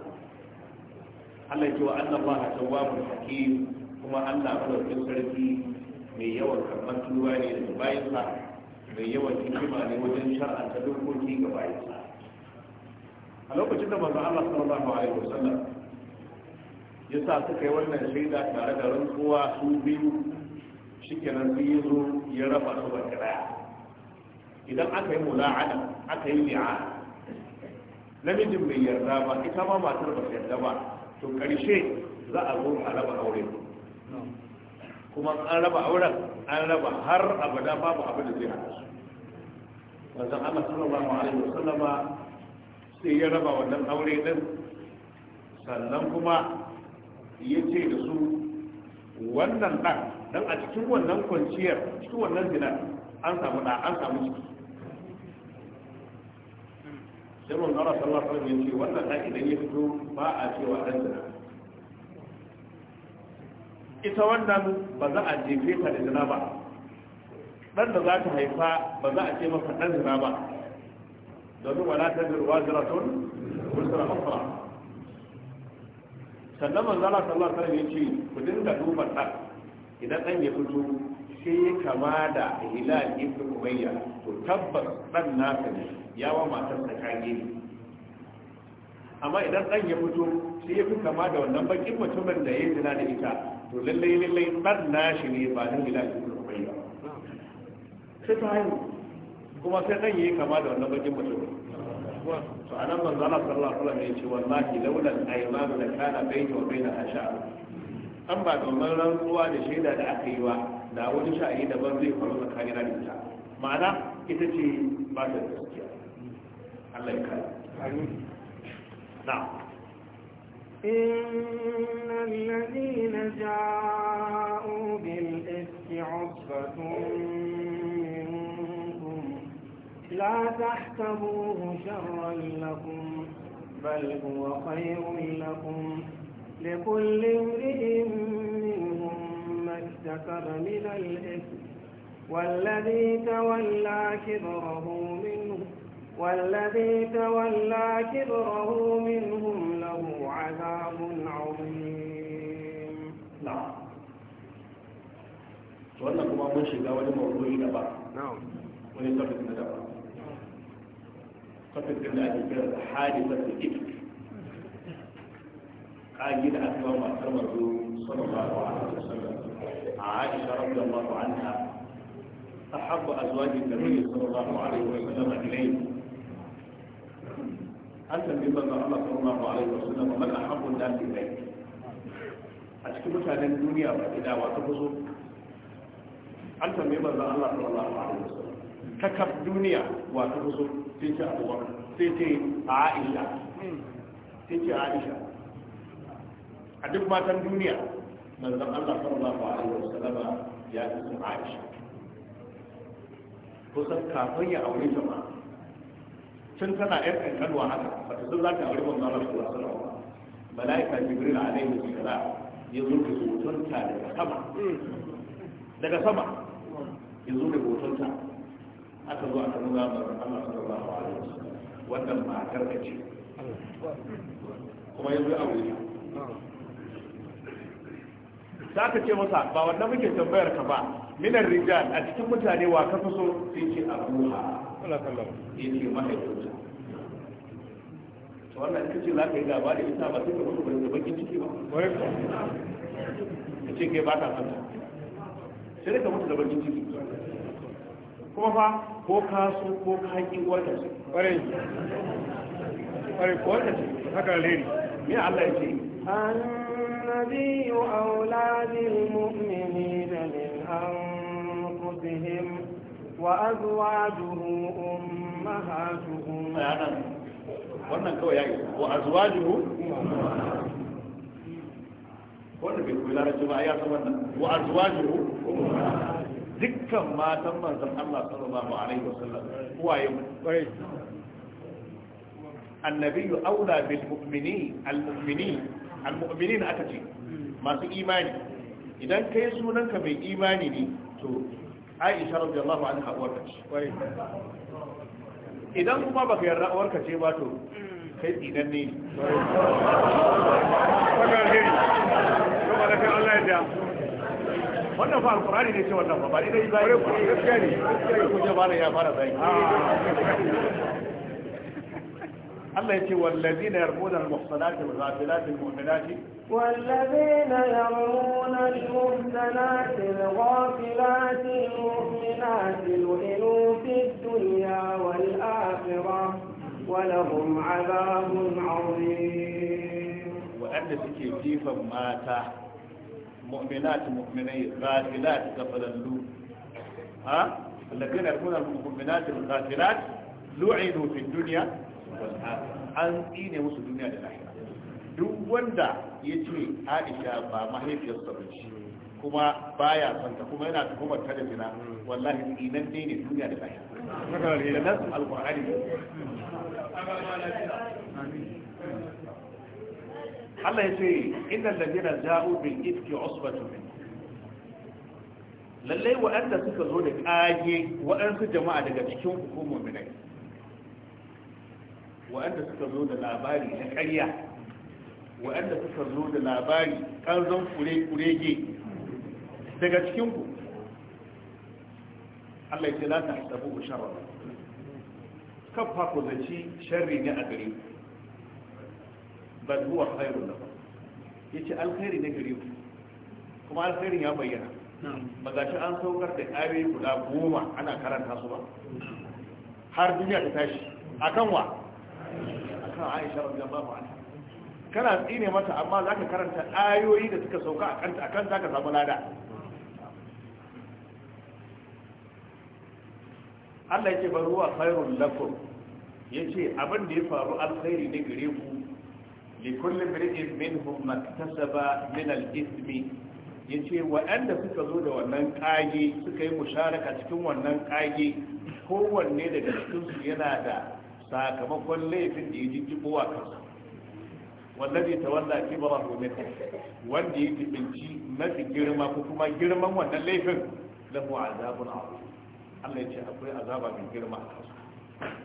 Allah ya ce wa annan ba tawwabul hakim kuma Allah madaukakin sarki mai yawan karɓar tuba ne daga bayansa mai yawan hikima ne wajen shar'anta dokoki ga bayansa a lokacin da manzo Allah sallallahu alaihi wasallam ya sa suka yi wannan shaida tare da rantsuwa su biyu shikenan sai ya zo ya raba su baki daya idan aka yi mula'ana aka yi li'a namijin bai yarda ba ita ma matar ba yarda ba to karshe za a zo a raba aure kuma an raba auren an raba har abada babu abin da zai hada su wanzan Allah sallallahu alaihi wasallama sai ya raba wannan aure din sannan kuma ya ce da su wannan ɗan dan a cikin wannan kwanciyar cikin wannan zina an samu da, an samu ciki sai mun ƙara sallah sallah ya ce wannan ɗan idan ya fito ba a cewa ɗan zina ita wannan ba za a jefe ta da zina ba ɗan da za ta haifa ba za a ce masa ɗan zina ba domin wala ta zirwa ziratun wusra ukra sannan manzala sallah alaihi wasallam ce ku dinga duba ɗan idan ɗan ya fito sai kama da hilal ibn umayya to tabbas dan naka ne ya wa matar da kage ne amma idan dan ya fito sai ya fi kama da wannan bakin mutumin da ya zina da ita to lallai lallai dan nashi ne ba dan hilal ibn umayya sai ta haihu kuma sai dan yayi kama da wannan bakin mutumin to anan manzo Allah sallallahu alaihi wasallam ya ce wallahi laula al-aymanu la kana bayni wa bayna asha an ba domin rantsuwa da shaida da aka yi wa da wani sha'ani daban zai faru tsakanin da ita ma'ana ita ce ba ta gaskiya Allah ya kare na إن الذين جاءوا بالإفك عصبة منكم لا تحسبوه شرا لكم بل هو خير لكم لكل امرئ ارتكب من الإثم والذي تولى كبره منه والذي تولى كبره منهم له عذاب عظيم نعم wannan kuma mun shiga wani mawuyi daban wani tafiya na daban tafiya da ake kira da hadisa da ifk ƙagi da aka yi wa matar mazo sallallahu alaihi wasallam عائشة رضي الله عنها أحب أزواج النبي صلى الله عليه وسلم إليه أنت في بلغ الله صلى الله عليه وسلم ومن أحب الناس إليك أشكي متعلم الدنيا إلى وتفزو أنت في بلغ الله صلى الله عليه وسلم تكب دنيا وتفزو تيجي أبو بكر تيجي عائشة تيجي عائشة a duk matan duniya manzon Allah sallallahu alaihi wasallam ya fi su Aisha kusan kafin ya aure ta ma tun tana yar kankanwa haka ba ta sun za ta aure manzon Allah sallallahu alaihi wasallam malaika Jibril alaihi wasallam ya zo da hotonta daga sama daga sama ya zo da hotonta aka zo aka nuna manzon Allah sallallahu alaihi wasallam wannan matar da ce kuma ya zo aure ta za ka ce masa ba wannan muke tambayar ka ba minan rijal a cikin mutane wa ka so sai ce abuha sai ce mahaifinta to wannan ita ce za ka yi gaba da ita ba sai ka mutu da bakin ciki ba ka ce kai ba ka santa sai ka mutu da bakin ciki kuma fa ko ka so ko ka ki wata ce kwarai kwarai ko wata ce haka alheri me Allah ya ce النبي أولى بالمؤمنين من أنفسهم وأزواجه أمهاتهم wannan kawai ya yi wa azwajuhu wannan bai kuma larabci ba ya san wannan wa azwajuhu dukkan matan manzon Allah sallallahu alaihi wasallam uwaye kwarai annabi aula bil mu'mini al mu'mini al na aka ce masu imani idan kai sunanka mai imani ne to aisha radiyallahu anha uwarka ce idan kuma baka yarda uwarka ce ba to kai idan ne wannan fa alkurani ne ce wannan ba ba ne dai ba ne gaskiya ne ya fara zai الله يتي والذين يرمون المحصنات الغافلات المؤمنات والذين يرمون المحصنات الغافلات المؤمنات لئنوا في الدنيا والآخرة ولهم عذاب عظيم وأن سكي جيفا ماتا مؤمنات مؤمنين غافلات قبل اللوم ها الذين يرمون المؤمنات الغافلات لعنوا في الدنيا an tsine musu duniya da lahira duk wanda ya ce aisha ba mahaifiyarsa ba ce kuma baya santa kuma yana tuhumar ta da zina wallahi tsinan dai ne duniya da lahira da nasu alkur'ani Allah ya ce innal ladina ja'u bil ifki usbatun min. lallai waɗanda suka zo da ƙage waɗansu jama'a daga cikin hukumar minai wa'anda suka zo da labari na ƙarya wa'anda suka zo da labari kure kurege daga cikinku Allah ya ce la ta hasabu sharra kafa ku zaci sharri ne a gare ku bal huwa khairun Ya yace alkhairi ne gare ku kuma alkhairin ya bayyana ba za shi an saukar da ayoyi guda goma ana karanta su ba har duniya ta tashi akan wa akan Aisha radiyallahu kana tsine mata amma zaka karanta ayoyi da suka sauka a kanta akan ka samu lada Allah yake bar ruwa khairul lakum yace abin da ya faru alkhairi ne gare ku li kulli mri'in minhum maktasaba min al-ithmi yace waɗanda suka zo da wannan kage suka yi musharaka cikin wannan ƙage kowanne daga cikin su yana da sakamakon laifin da ya jijjibo a kansa zai tawalla kibrahu min wanda ya jibinci mafi girma ko kuma girman wannan laifin lahu azabun azim Allah ya ce akwai azaba mai girma a kansa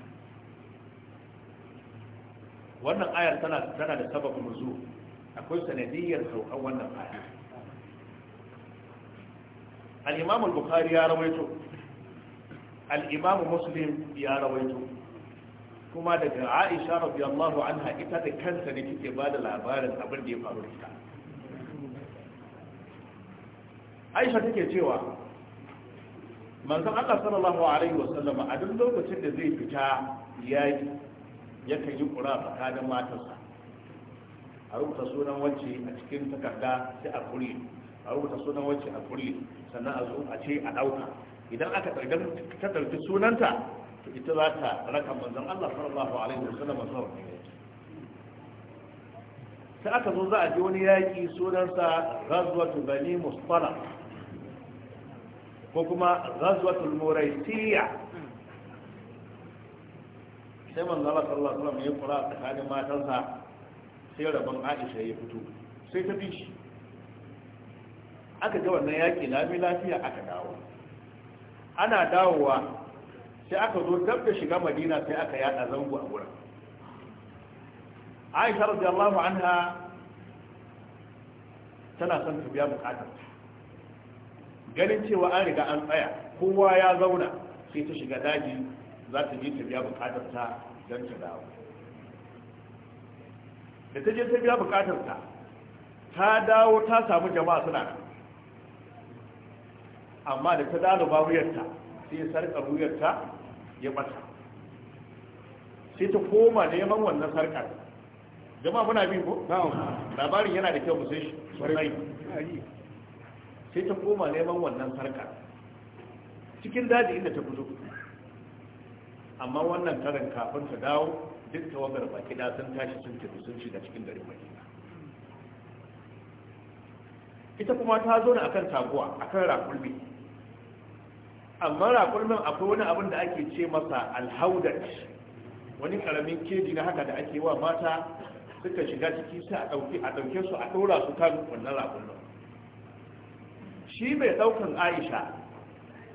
wannan ayar tana tana da sababin nuzul akwai sanadiyyar saukan wannan ayar al-imam al-bukhari ya rawaito al-imam muslim ya rawaito kuma daga aisha radiyallahu anha ita da kansa ne take ba da labarin abin da ya faru da ita aisha take cewa manzon Allah sallallahu alaihi wasallam a duk lokacin da zai fita yayi yakan yi kura tsakanin matarsa a rubuta sunan wacce a cikin takarda sai a kulle a rubuta sunan wacce a kulle sannan a zo a ce a dauka idan aka idan ta sunanta to ita za ta raka manzon Allah sallallahu alaihi wasallam sallam alaihi sai aka zo za a ji wani yaki sunansa ghazwatu bani mustala ko kuma ghazwatul muraisiya sai manzon Allah sallallahu alaihi wasallam ya kula tsakanin matansa sai rabon Aisha ya fito sai ta bi shi aka ga wannan yaki lami lafiya aka dawo ana dawowa sai aka zo dab da shiga madina sai aka yada zango a gurin aisha radiyallahu anha tana son ta biya bukatar ganin cewa an riga an tsaya kowa ya zauna sai ta shiga daji za ta je ta biya bukatar ta don ta dawo da ta je ta biya bukatar ta ta dawo ta samu jama'a suna amma da ta dalo ba wuyarta sai sarƙa wuyarta ya bata sai ta koma neman wannan sarkar jama'a muna bi ko labarin yana da kyau musai sosai sai ta koma neman wannan sarkar cikin daji inda ta fito amma wannan karin kafin ta dawo duk tawagar baki da sun tashi sun tafi sun shiga cikin garin madina ita kuma ta zo ne akan taguwa akan rakulbi amma raƙurmin akwai wani abin da ake ce masa alhaudat wani karamin keji na haka da ake wa mata suka shiga ciki sai a ɗauke su a ɗora su kan wannan nan. shi mai ɗaukan aisha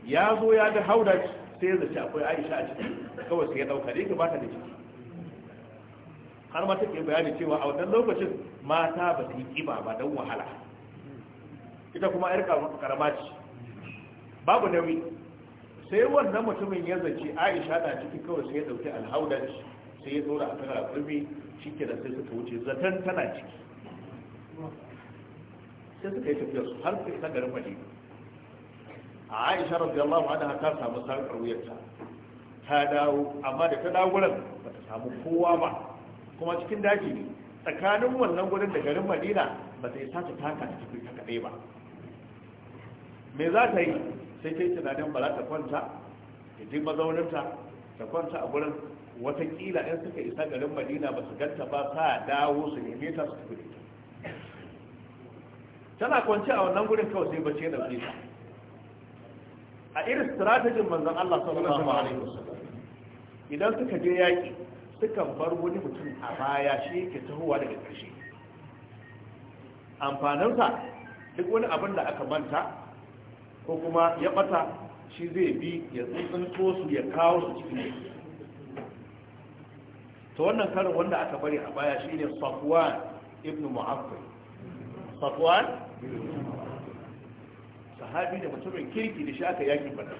ya zo ya ga haudat sai zace akwai aisha a ciki kawai sai ya ɗauka da yake ba ta da ciki har ma take bayani cewa a wannan lokacin mata ba su yi kiba ba don wahala ita kuma yar karama ce babu nauyi sai wannan mutumin ya zaci aisha na ciki kawai sai ya dauki alhaudar sai ya zora a kan alfurbi shi ke da sai suka wuce zaton tana ciki sai suka yi tafiyar su har sai na garin madina a aisha radiyallahu da ta samu sarkar wuyarta ta dawo amma da ta dawo gurin ba ta samu kowa ba kuma cikin daji ne tsakanin wannan gurin da garin madina ba ta yi sata taka ta tafi ta kaɗai ba me za ta yi sai ta yi tunanin ba za ta kwanta ta je mazauninta ta kwanta a gurin watakila in suka isa garin madina ba su ganta ba sa dawo su neme ta su tafi da tana kwanci a wannan gurin kawai sai bace da ta a irin strategin manzan Allah sallallahu alaihi wasallam idan suka je yaki sukan bar wani mutum a baya shi yake tahowa daga ƙarshe amfaninsa duk wani abin da aka manta ko kuma ya bata shi zai bi ya tsuntsunto su ya kawo su cikin Ta wannan karin wanda aka bari a baya shine safuwan ibn mu'affal safwan sahabi da mutumin kirki da shi aka yaki bada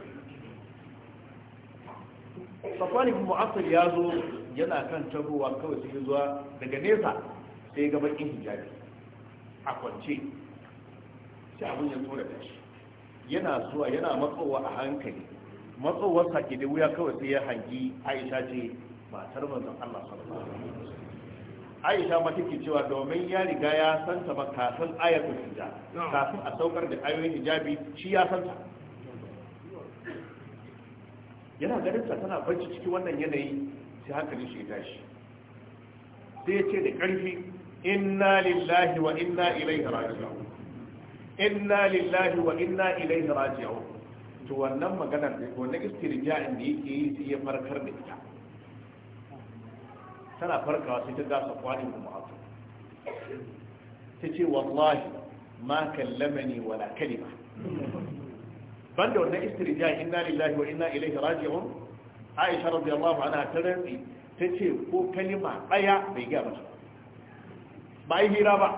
safwan ibn mu'afir ya zo yana kan tabowa kawai yi zuwa daga nesa sai ga bakin hijabi a kwance shi abin ya tura da shi yana zuwa yana matsowa a hankali matsowar ke da wuya kawai sai ya hangi aisha ce matar manzon Allah sallallahu alaihi wasallam aisha ma take cewa domin ya riga ya san ta ba kafin ayatul hijja kafin a saukar da ayoyin hijabi shi ya san ta yana ganin ta tana barci ciki wannan yanayi sai hankali shi ya tashi sai ya ce da karfi inna lillahi wa inna ilaihi raji'un inna lillahi wa inna ilaihi raji'un to wannan maganar da wannan istirja'in da yake yi sai ya farkar da ita tana farkawa sai ta gasa kwanin mu'azu ta ce wallahi ma kallamani wala kalima banda wannan istirja inna lillahi wa inna ilaihi raji'un aisha radiyallahu anha ta rantsi ta ce ko kalima daya bai ga mata ba yi hira ba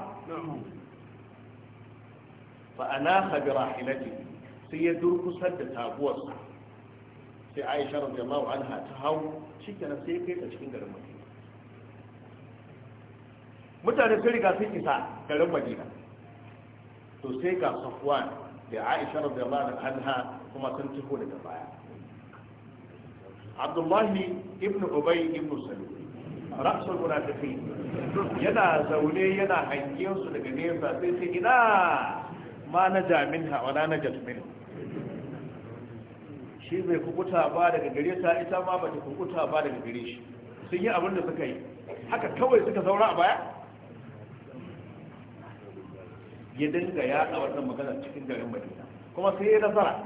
fa anaha bi rahilati sai ya durkusar da taguwarsa sai Aisha radiyallahu anha ta hau shikenan sai kai ta cikin garin Madina mutane sun riga sun isa garin Madina to sai ga Safwan da Aisha radiyallahu anha kuma sun taho daga baya Abdullahi ibn Ubay ibn Salul ra'sul munafiqin yana zaune yana hangen su daga nesa sai sai ina ma na jamin ha wala na jasmin shi bai kukuta ba daga gare ta ita ma ba ta kukuta ba daga gare shi sun yi abin da suka yi haka kawai suka zaura a baya ya dinga ya a wannan magana cikin garin madina kuma sai ya nasara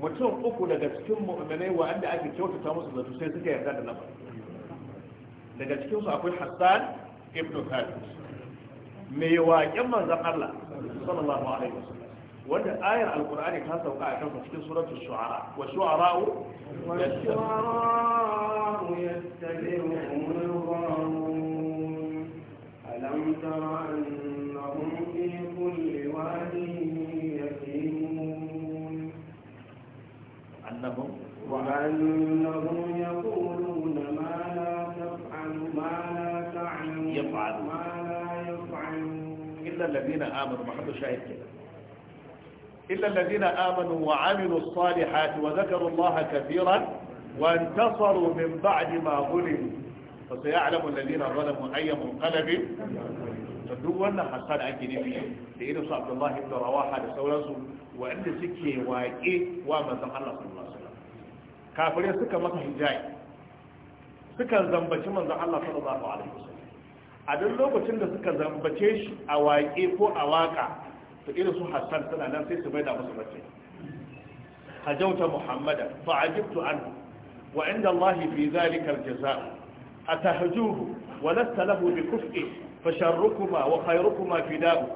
mutum uku daga cikin mu'minai wa'anda ake kyautata musu zato sai suka yarda da lafa daga cikinsu akwai hassan ibn thabit mai waƙen manzan allah صلى الله عليه وسلم وانا آية على القرآن كانت توقع كانت في سورة الشعراء والشعراء والشعراء يستمرون الغارون ألم تر أنهم في كل واد يكيمون أنهم وأنهم يقولون illal ladina amanu mahallu shahid kenan illal ladina amanu wa amilu salihati wa zakaru allaha kathiran wa intasaru min ba'di ma zulimu fa sayalamu alladina zalamu ayya munqalabin to duk wannan hasad ake nufi da irin su Abdullahi ibn Rawaha da sauransu wanda suke waƙe wa manzon Allah sallallahu alaihi zambaci manzon a duk lokacin da suka zambace shi a waƙe ko a waƙa to irin su hassan suna nan sai su maida musu mace hajauta muhammada fa ajibtu an wa inda allahi fi zalika aljaza atahjuhu wa lasta lahu bi kuf'i fa sharrukuma wa khayrukuma fida'u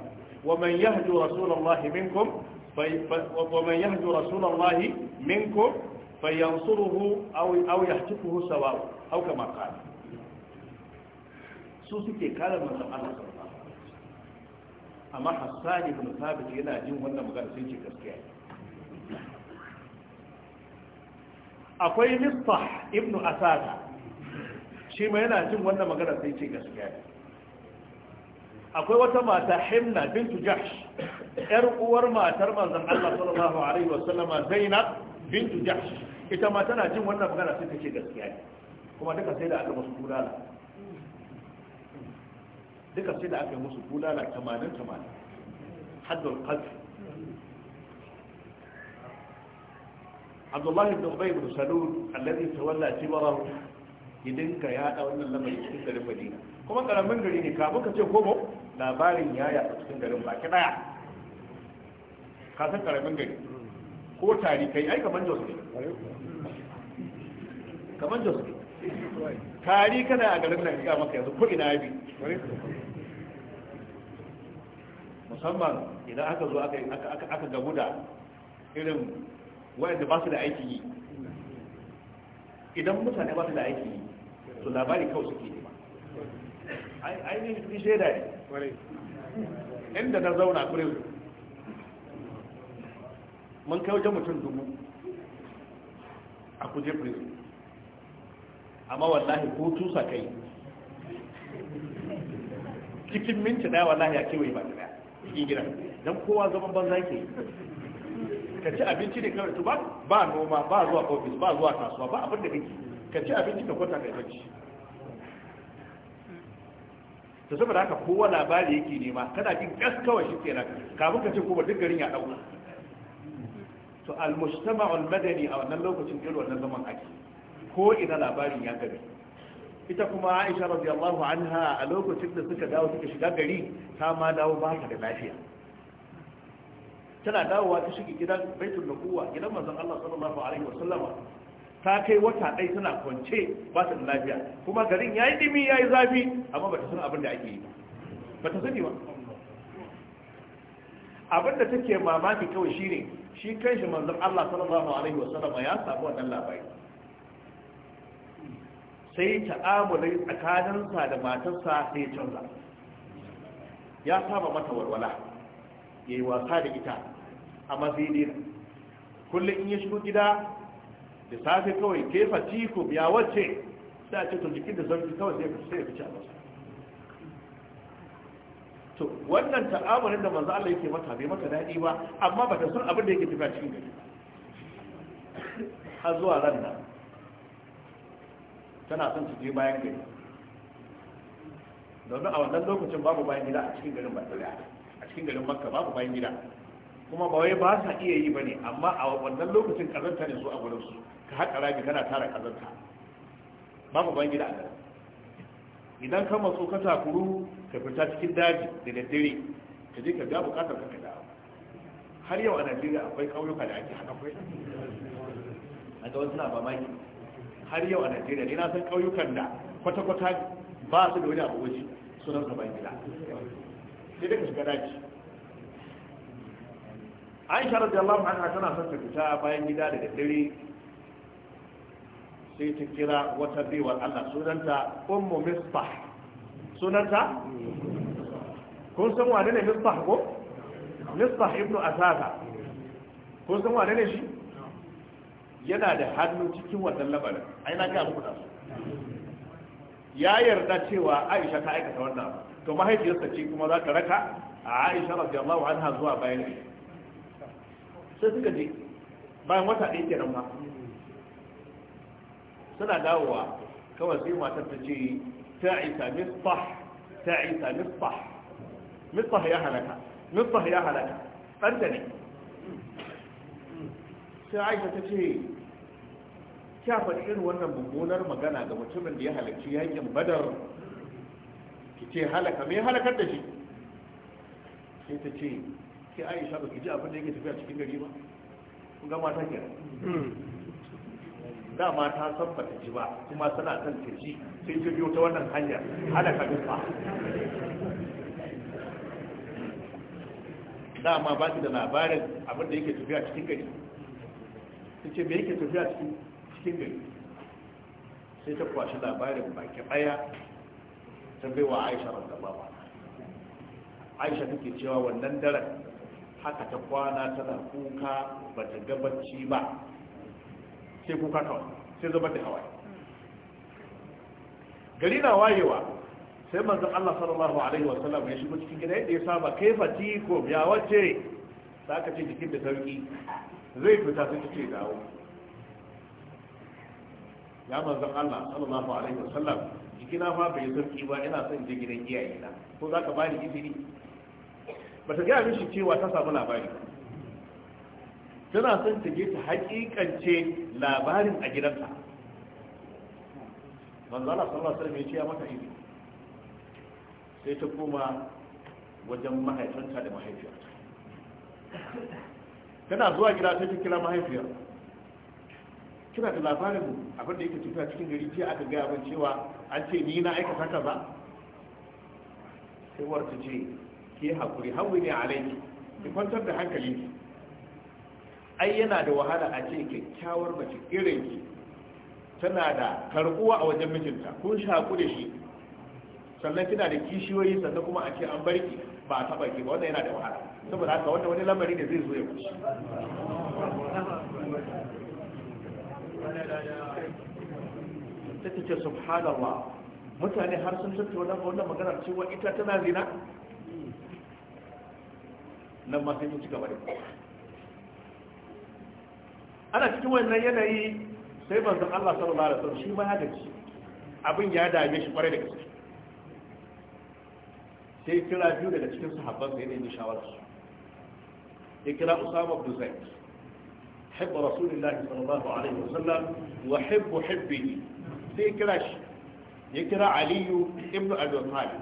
wa man yahdu rasulallahi minkum ومن يهدي رسول الله منكم فينصره أو أو يهتكه سواء أو كما قال su suke kare manzon Allah amma Hassan ibn Thabit yana jin wannan magana sun ce gaskiya akwai Mistah ibn Asada shi ma yana jin wannan magana sai ce gaskiya akwai wata mata himna bintu jahsh yar uwar matar manzon Allah sallallahu alaihi wasallama Zainab bintu jahsh ita ma tana jin wannan magana sai take gaskiya kuma duka sai da aka musu bulala duka sai da aka yi musu bulala tamanin tamanin haddul qadr abdullahi ibn ubay ibn salul alladhi tawalla tibarahu idan ka hada wannan lamarin cikin garin madina kuma karamin gari ne ka muka ce komo labarin ya yaɗa cikin garin baki daya ka san karamin gari ko tari kai ai kaman jos ne kaman jos ne tari kana a garin nan ga maka yanzu ko ina bi musamman idan aka zo aka gabu da irin wayanda ba su da aiki yi idan mutane ba su da aiki yi to labari kawai suke ne ba ainihin ni shaida ne inda na zauna kure mun kai wajen mutum dubu a kuje prison amma wallahi ko tusa kai cikin minti daya wallahi ya kewaye ba daya cikin gida don kowa zaman banza ke ka ci abinci ne kawai ba ba noma ba zuwa ofis ba zuwa kasuwa ba abin da kake ka ci abinci ka kwanta kai bacci to saboda haka kowa labari yake nema kana jin gas kawai shi kenan kafin ka ce kuma duk garin ya dauka to al-mujtama'u al-madani a wannan lokacin irin wannan zaman ake ko ina labarin ya gabe ita kuma aisha radiyallahu anha a lokacin da suka dawo suka shiga gari ta ma dawo ba ta da lafiya tana dawowa ta shiga gidan baitul nubuwa gidan manzon Allah sallallahu alaihi wasallama ta kai wata ɗai tana kwance ba ta da lafiya kuma garin yayi dimi yayi zafi amma bata san abin da ake yi ba ta sani ba abin da take mamaki kawai shine shi kanshi manzon Allah sallallahu alaihi wasallama ya samu wannan labari sai ta'amulai tsakaninsa da matarsa sai canza ya saba mata walwala ya yi wasa da ita a mazini kullum in ya shigo gida da safe kawai kefa ko ya wacce sai a ce to jikin da zarfi kawai zai fi sai fice a masu. to wannan ta'amulin da manzo Allah yake mata bai mata daɗi ba amma ba ta san abin da yake tafiya cikin gari har zuwa ran nan tana son su je bayan gari domin a wannan lokacin babu bayan gida a cikin garin bataliya a cikin garin makka babu bayan gida kuma ba wai ba sa iya yi ba ne amma a wannan lokacin kazanta ne su a gurin su ka haƙa rabi kana tara kazanta babu bayan gida a garin idan ka matso ka takuru ka fita cikin daji da daddare ka je ka biya bukatar ka kada har yau a najeriya akwai ƙauyuka da ake haka kwai a ga wasu na mamaki har yau a najeriya ne na san ƙauyukan da kwata-kwata ba su da wani abu waje sunan sa bayan gida sai dai ka shiga daji da Allah anha tana son ta fita bayan gida daga dare sai ta kira wata baiwar Allah sunanta ummu misbah sunanta kun san wane ne misbah ko misbah ibnu asaka kun san wane ne shi yana da hannu cikin wannan labarin ai na ga muku da su ya yarda cewa Aisha ta aikata wannan to mahaifiyarsa ce kuma za ta raka a Aisha radiyallahu anha zuwa bayan ne sai suka je bayan wata ɗaya kenan ma suna dawowa kawai sai matar ta ce ta isa misbah ta isa misbah misbah ya halaka misbah ya halaka ɗan da ne sai aisha ta ce kya faɗi irin wannan mummunar magana ga mutumin da ya halarci yankin badar ki ce halaka mai halakar da shi sai ta ce ki aisha ba ki ji abin da yake tafiya cikin gari ba kun ga mata ke dama ta san ba ta ji ba kuma suna son ta ji sai ta biyo ta wannan hanya halaka duk ba dama ba ki da labarin abin da yake tafiya cikin gari ta ce me yake tafiya cikin gari sai ta kwashi labarin baki ɗaya ta bai wa aisha da baba aisha take cewa wannan daren haka ta kwana tana kuka ba ta gabaci ba sai kuka kawai sai zama da hawaye gari na wayewa sai manzon Allah sallallahu alaihi wa sallam ya shigo cikin gida yadda ya saba kaifa ko ya wace za ka ce jikin da sauki zai fita sai ce dawo ya manzan Allah sallallahu alaihi wasallam jikina fa bai sarki ba ina son je gidan iyaye na ko za ka bani izini ba ta gaya mishi cewa ta samu labari tana son ta je ta hakikance labarin a gidanta manzan Allah sallallahu alaihi wasallam ya ce ya mata izini sai ta koma wajen mahaifinta da mahaifiyarta tana zuwa gida sai ta kira mahaifiyar kina da labarin abin da yake tafiya cikin gari jiya aka gaya min cewa an ce ni na aikata saka sai uwar ta ce ke hakuri hawi ne a alaiki ki kwantar da hankali ai yana da wahala a ce kyakkyawar mace irin ki tana da karbuwa a wajen mijinta kun shaku da shi sannan kina da kishiyoyi sannan kuma a ce an bar ki, ba a taba ki ba wannan yana da wahala saboda haka wanda wani lamari ne zai zo ya wuce ta take subhanallah mutane har sun tattauna ga wannan maganar cewa ita tana zina nan ma sai mun ci gaba da ana cikin wannan yanayi sai manzon Allah sallallahu alaihi wasallam shi ma ya gaji abin ya dame shi kwarai da gaske sai kira biyu daga cikin sahabban da ne shawara su ya kira usama bin zaid حب رسول الله صلى الله عليه وسلم وحب حبه sai kira shi ya kira aliyu Ibn abdul talib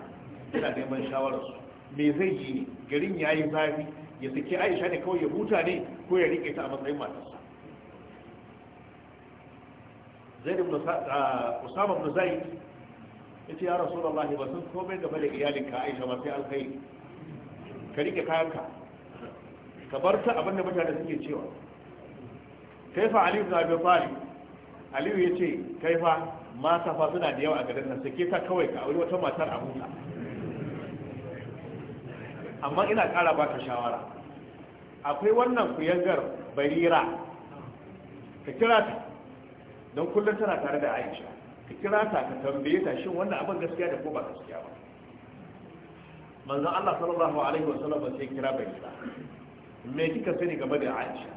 ina neman su. me zai yi ne garin ya yi zafi ya saki aisha ne kawai ya huta ne ko ya rike ta a matsayin matarsa zaid ibn usama ibn zaid yace ya rasulullahi ba sun komai game da iyalinka aisha ba sai alkhairi ka rike kayanka ka bar ta abin da mutane suke cewa kaifa ali ibn abi talib ali ya ce kaifa mata fa suna da yawa a garin nan sake ta kawai ka aure wata matar abuta amma ina ƙara baka shawara akwai wannan kuyangar barira ka kira ta don kullum tana tare da aisha ka kira ta ka tambaye ta shin wannan abin gaskiya da ko ba gaskiya ba manzon Allah sallallahu alaihi wasallam sai kira barira me kika sani game da aisha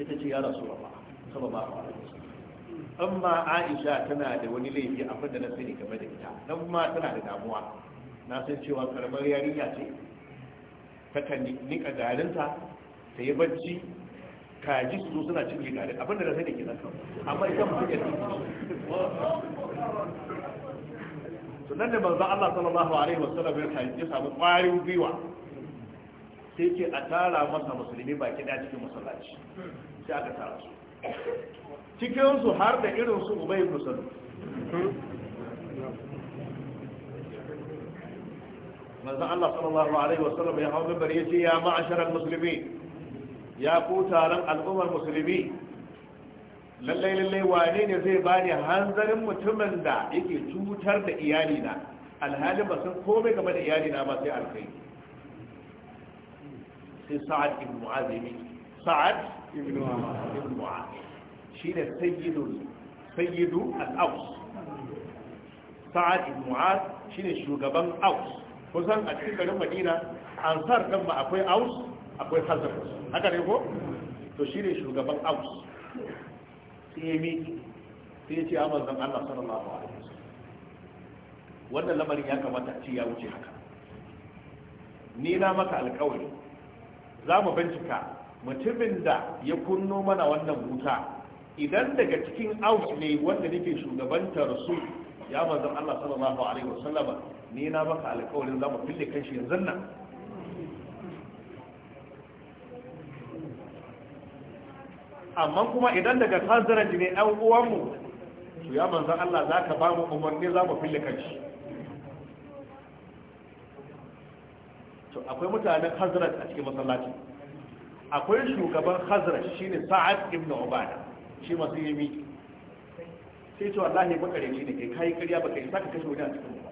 Ita ce ya rasu ba sallallahu ba wasallam amma aisha tana da wani laifi a da na sani game da ita dan ma tana da damuwa na san cewa karamar yarinya ce ta kan nika garinta ta yi bacci kaji su zo suna cin garin abin da na sani ke nan amma ita ba ta yi nan da manzo Allah sallallahu alaihi wasallam ya samu kwarin gwiwa sai ce a tara masa musulmi baki kiɗa cikin masallaci sai aka tara su cikinsu har da irin irinsu ubai musulmi manzan Allah sallallahu Alaihi wasallam ya hau bari ya ce ya ma'asharar musulmi ya ku taron al'ummar musulmi lallai lallai wane ne zai bani hanzarin mutumin da yake cutar da iyalina alhalin ba sun komai game da iyalina ba sai alkai sai sa'ad ibn mu'az ya miki sa'ad ibn mu'az shine sayyidu sayyidu al sa'ad ibn mu'az shine shugaban aus kusan a cikin garin madina ansar kan ba akwai aus akwai hazar haka ne ko to shine shugaban aus sai ya miki sai ya ce a manzon Allah sallallahu alaihi wasallam wannan lamarin ya kamata a ce ya wuce haka ni na maka alƙawari za mu bincika mutumin da ya kunno mana wannan wuta idan daga cikin aus ne wanda nake shugabantar su ya zan Allah sallallahu alaihi sallama "Ne na baka alƙawarin za mu fille kanshi yanzu nan amma kuma idan daga tazara ne ɗan uwanmu to ya zan Allah za ka ba mu umarni za mu fille kanshi to akwai mutanen hazrat a cikin masallaci akwai shugaban hazrat shine sa'ad ibn ubada shi masu yami sai ce wallahi makareci ne kai kai ƙarya baka isa saka kashe wani a cikin ba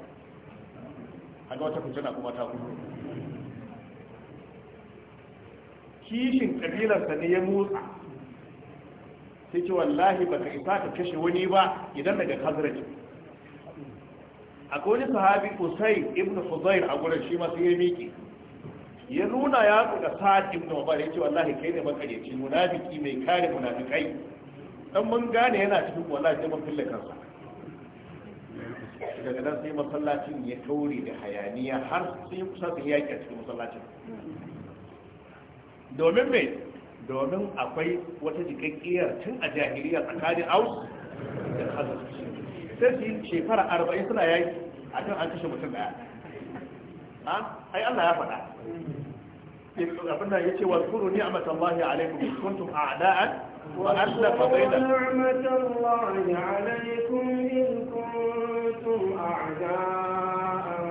a ga wata kuntuna kuma ta kuma kishin kabilarsa ne ya motsa sai ce wallahi baka isa ka kashe wani ba idan daga hazrat akwai wani sahabi usai ibn fuzair a gurin shi masu yi miki. ya nuna ya kuka sa'ad ibn umar yace wallahi kai ne makareci munafiki mai kare munafikai dan mun gane yana cikin wallahi sai mun fille kansa daga nan sai masallacin ya kauri da hayaniya har sai kusa da yaki a cikin masallacin domin me domin akwai wata jikakkiyar tun a jahiliya tsakanin aus da hazar sai shekara arba'in suna yaki a kan an kashe mutum daya ai Allah ya faɗa abin da yace wazkuru ni'matallahi alaikum kuntum a'da'an wa allafa bainal ni'matallahi alaikum in kuntum a'da'an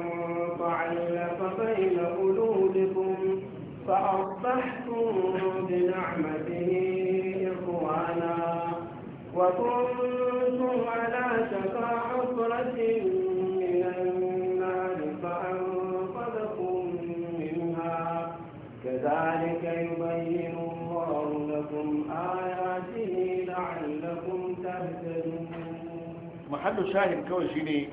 fa'alafa bain qulubikum fa'asbahtum bi ni'matihi ikhwana wa kuntum Hannu shahin kawai shi ne,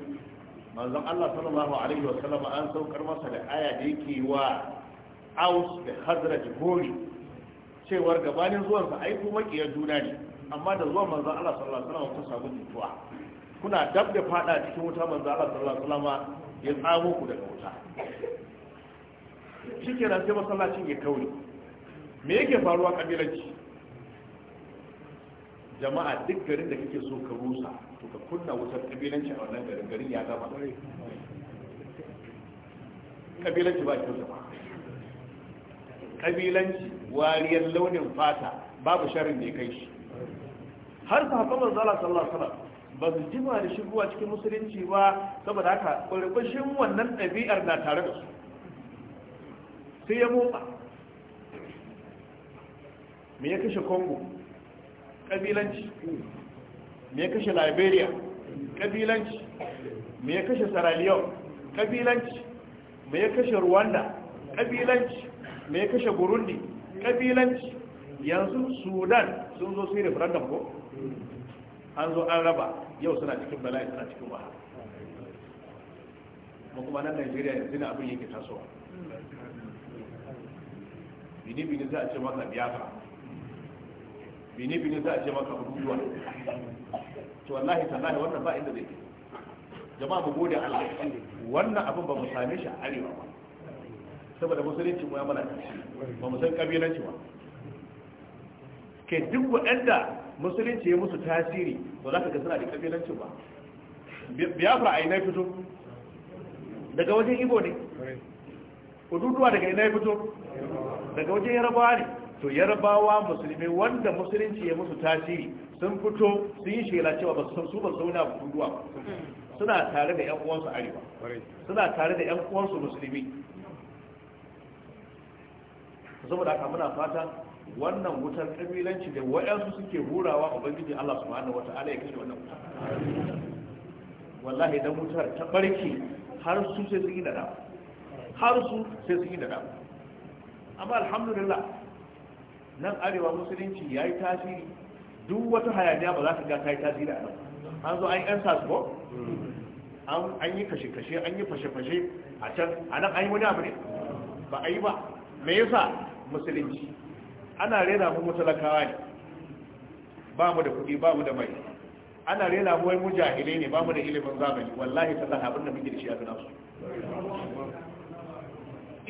manzan Allah sallallahu alaihi wasallam an saukar masa da aya da yake wa aus da da gori cewar gabanin zuwan sa ai kuma kiyar juna ne amma da zuwan manzan Allah sallallahu alaihi wasallam samu jituwa kuna dab da fada cikin wuta manzan Allah sallallahu alaihi wasallam ya tsamo ku daga wuta Shi ke nan sai masallacin ya kauri me yake faruwa kabilanci jama'a duk garin da kake so ka rusa to ka kunna wutar kabilanci a wannan garin garin ya gama kabilanci ba kyau jama'a kabilanci wariyar launin fata babu sharin da ya kai shi har sahabban manzala sallallahu alaihi wasallam ba su jima da shigowa cikin musulunci ba saboda haka ƙwarƙwashin wannan ɗabi'ar na tare da su sai ya motsa me ya kashe kongo kabilanci me ya kashe liberia kabilanci me ya kashe sierra leone kabilanci me ya kashe rwanda kabilanci me ya kashe burundi kabilanci yanzu sudan sun zo su yi referendum ko an zo an raba yau suna cikin bala'i suna cikin wahala kuma nan najeriya yanzu na abin yake tasowa bini-bini za a ce masa biyafa bini bini za a ce maka ruwa to wallahi tallahi wannan ba inda zai jama'a mu gode Allah wannan abin ba mu same shi a arewa ba saboda musulunci mu ya mana ba mu san kabilanci ba ke duk wanda musulunci ya musu tasiri to za ka ga suna da kabilanci ba biyafra a ina fito daga wajen ibo ne kududuwa daga ina fito daga wajen yarabawa ne to yarbawa musulmi wanda musulunci ya musu tasiri sun fito sun yi shela cewa ba su san su ba zauna ba kuduwa ba suna tare da yan uwansu arewa suna tare da yan uwansu musulmi saboda haka muna fata wannan wutar kabilanci da wayansu suke hurawa ubangiji Allah subhanahu wataala ya kashe wannan wutar wallahi dan wutar ta barke har su sai su yi da har su sai su yi da amma alhamdulillah nan arewa musulunci ya yi tasiri duk wata hayaniya ba za ka ga ta yi tasiri a nan an zo an yi yan ko? an yi kashe-kashe an yi fashe-fashe a can a nan an yi wani abu ne ba a yi ba me yasa musulunci ana rena mu mutalakawa ne ba mu da kuɗi ba mu da mai ana rena mu wai mu jahilai ne ba mu da ilimin zamani wallahi sallah abin da muke da shi a gina su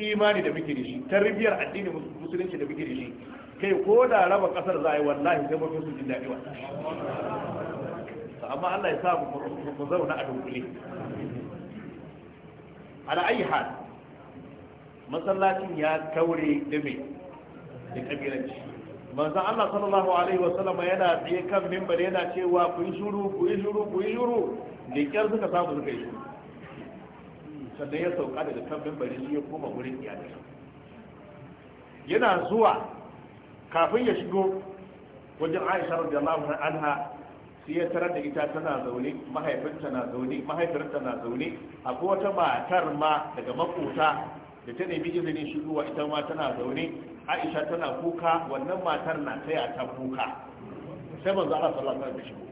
imani da muke da shi tarbiyyar addinin musulunci da muke da shi kai ko da raba kasar za a yi wallahi sai mafi su jin daɗi wallahi amma Allah ya sa mu zauna a dunkule ala ayi hal masallacin ya kaure da mai da kabilanci manzon Allah sallallahu alaihi wa sallama yana tsaye kan mimbar yana cewa ku yi shuru ku yi shuru ku yi shuru da kyar suka samu suka yi shuru sannan ya sauka daga kan mimbarin shi ya koma wurin iyalai yana zuwa kafin ya shigo wajen aisha allahu anha sai ya tarar da ita tana zaune mahaifinta na zaune mahaifinta na zaune akwai wata matar ma daga makota da ta nemi izinin shigowa ita ma tana zaune aisha tana kuka wannan matar na taya ta kuka sai manzo Allah sallallahu alaihi wasallam shigo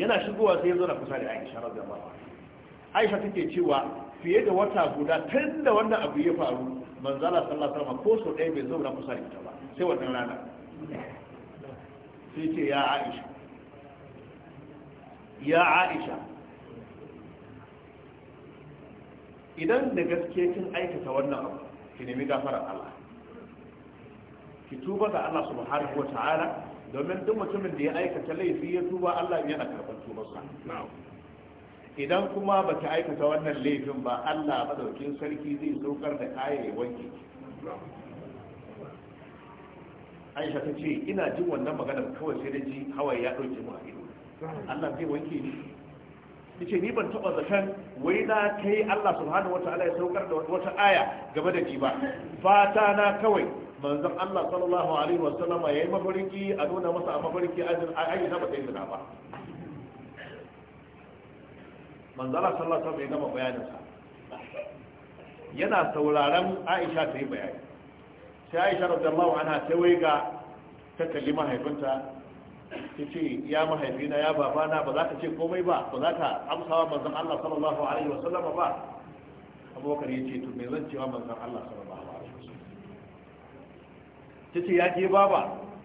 yana shigowa sai ya zo na kusa da aisha radiyallahu anha aisha take cewa fiye da wata guda tun da wannan abu ya faru manzo Allah sallallahu alaihi wasallam ko so ɗaya bai zo na kusa da ita ba sai wannan rana sai ce ya aisha ya aisha idan da gaske kin aikata wannan abu ki nemi gafarar Allah ki tuba ga Allah subhanahu wataala domin duk mutumin da ya aikata laifi ya tuba Allah yana karɓar sa idan kuma ba ta aikata wannan laifin ba Allah madaukin sarki zai saukar da kayayyakin wanki aisha ta ce ina jin wannan magana kawai sai da ji hawaye ya ɗauke mu a ido Allah zai wanke ni yace ni ban taba zakan wai na kai Allah subhanahu wataala ya saukar da wata aya game da ji ba fata na kawai manzon Allah sallallahu alaihi wasallam ya yi mafarki a nuna masa a mafarki ajin ayi na ba sai zina ba manzon Allah sallallahu alaihi wasallam ya gama bayanin yana sauraron Aisha ta yi bayani sai aisha radiyallahu anha ta waiga ta kalli mahaifinta ta ce ya mahaifina ya babana ba za ka ce komai ba ba za ka amsawa manzon Allah sallallahu alaihi wa sallama ba abubakar ya ce to me zan cewa Allah sallallahu alaihi wa sallam ta ce ya ke baba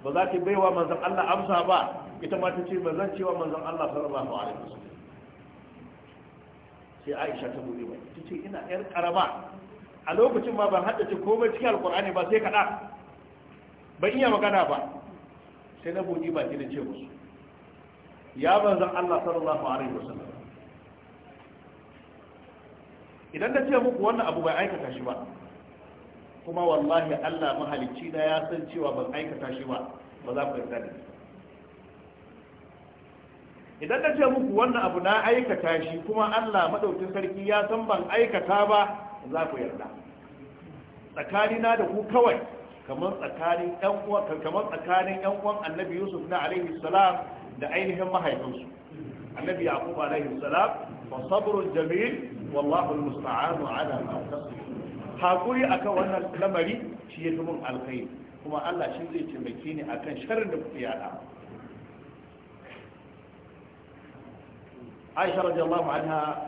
ba za ka baiwa manzon Allah amsa ba ita ma ta ce ba zan cewa Allah sallallahu alaihi wa sallam sai Aisha ta bude mai ta ce ina yar karama a lokacin ma ban haddace komai cikin alkur'ani ba sai kaɗa ban iya magana ba sai na buɗi baki na ce musu ya manzan Allah sallallahu alaihi wasallam idan na ce muku wannan abu bai aikata shi ba kuma wallahi Allah mahalicci na ya san cewa ban aikata shi ba ba za ku yarda da idan na ce muku wannan abu na aikata shi kuma Allah madaukin sarki ya san ban aikata ba za ku yarda tsakanina da ku kawai kamar tsakanin ɗan uwan annabi yusuf na alaihi salam da ainihin mahaifinsu annabi yaqub alaihi salam fa sabrun jamil wallahu almusta'anu ala ma tasifun hakuri akan wannan lamari shi ya fi mun alkhairi kuma Allah shi zai taimake ni akan sharrin da kuke yada Aisha radiyallahu anha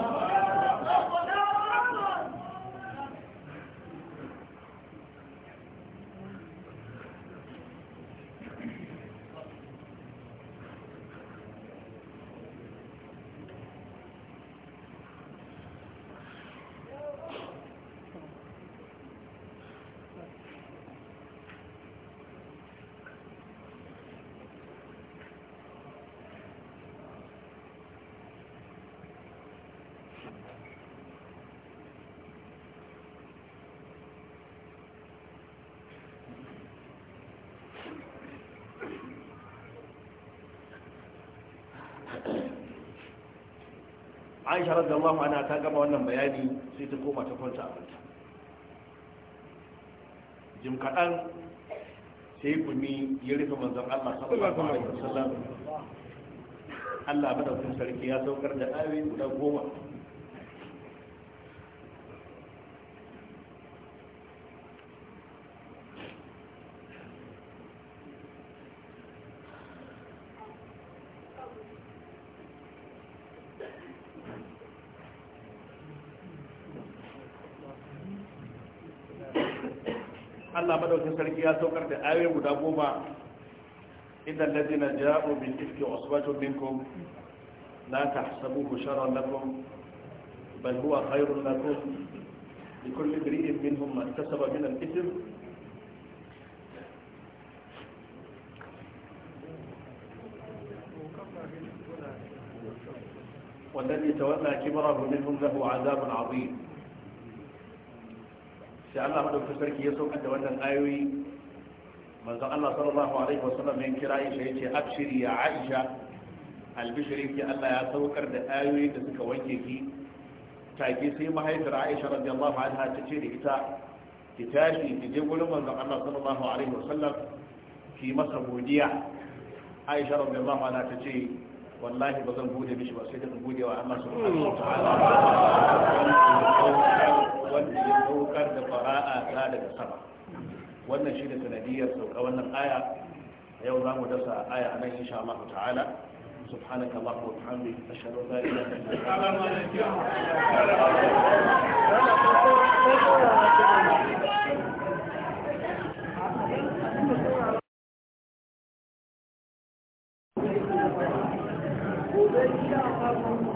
aisha radiyallahu anha ta gama wannan bayani sai ta koma ta kwanta abinta jim kaɗan sai gumi ya rufe manzan Allah sallallahu alaihi wasallam Allah madaukakin sarki ya saukar da ayoyi guda goma Allah madaukin sarki ya saukar da ayoyi guda goma idan ladina ja'u bil ifki usbatun minkum la tahsabuhu sharran lakum bal huwa khairun lakum likulli imri'in minhum ma iktasaba min al-ithm والذي تولى كبره منهم له عذاب عظيم sai Allah madaukakin sarki ya sauka da wannan ayoyi manzo Allah sallallahu alaihi wasallam ya kira Aisha yace abshiri ya Aisha albishiri ki Allah ya saukar da ayoyi da suka wanke ki take sai mahaifiyar Aisha radiyallahu anha ta ce da ita ki tashi ki je gurin manzo Allah sallallahu alaihi wasallam ki masa godiya Aisha radiyallahu anha ta ce wallahi ba zan gode mishi ba sai da gode wa Allah subhanahu wa ta'ala wanda ya saukar da fara'a ta daga sama wannan shi da sanadiyar sauka wannan aya yau za mu dasa aya a nan insha Allah ta'ala سبحانك اللهم وبحمدك اشهد ان لا اله الا انت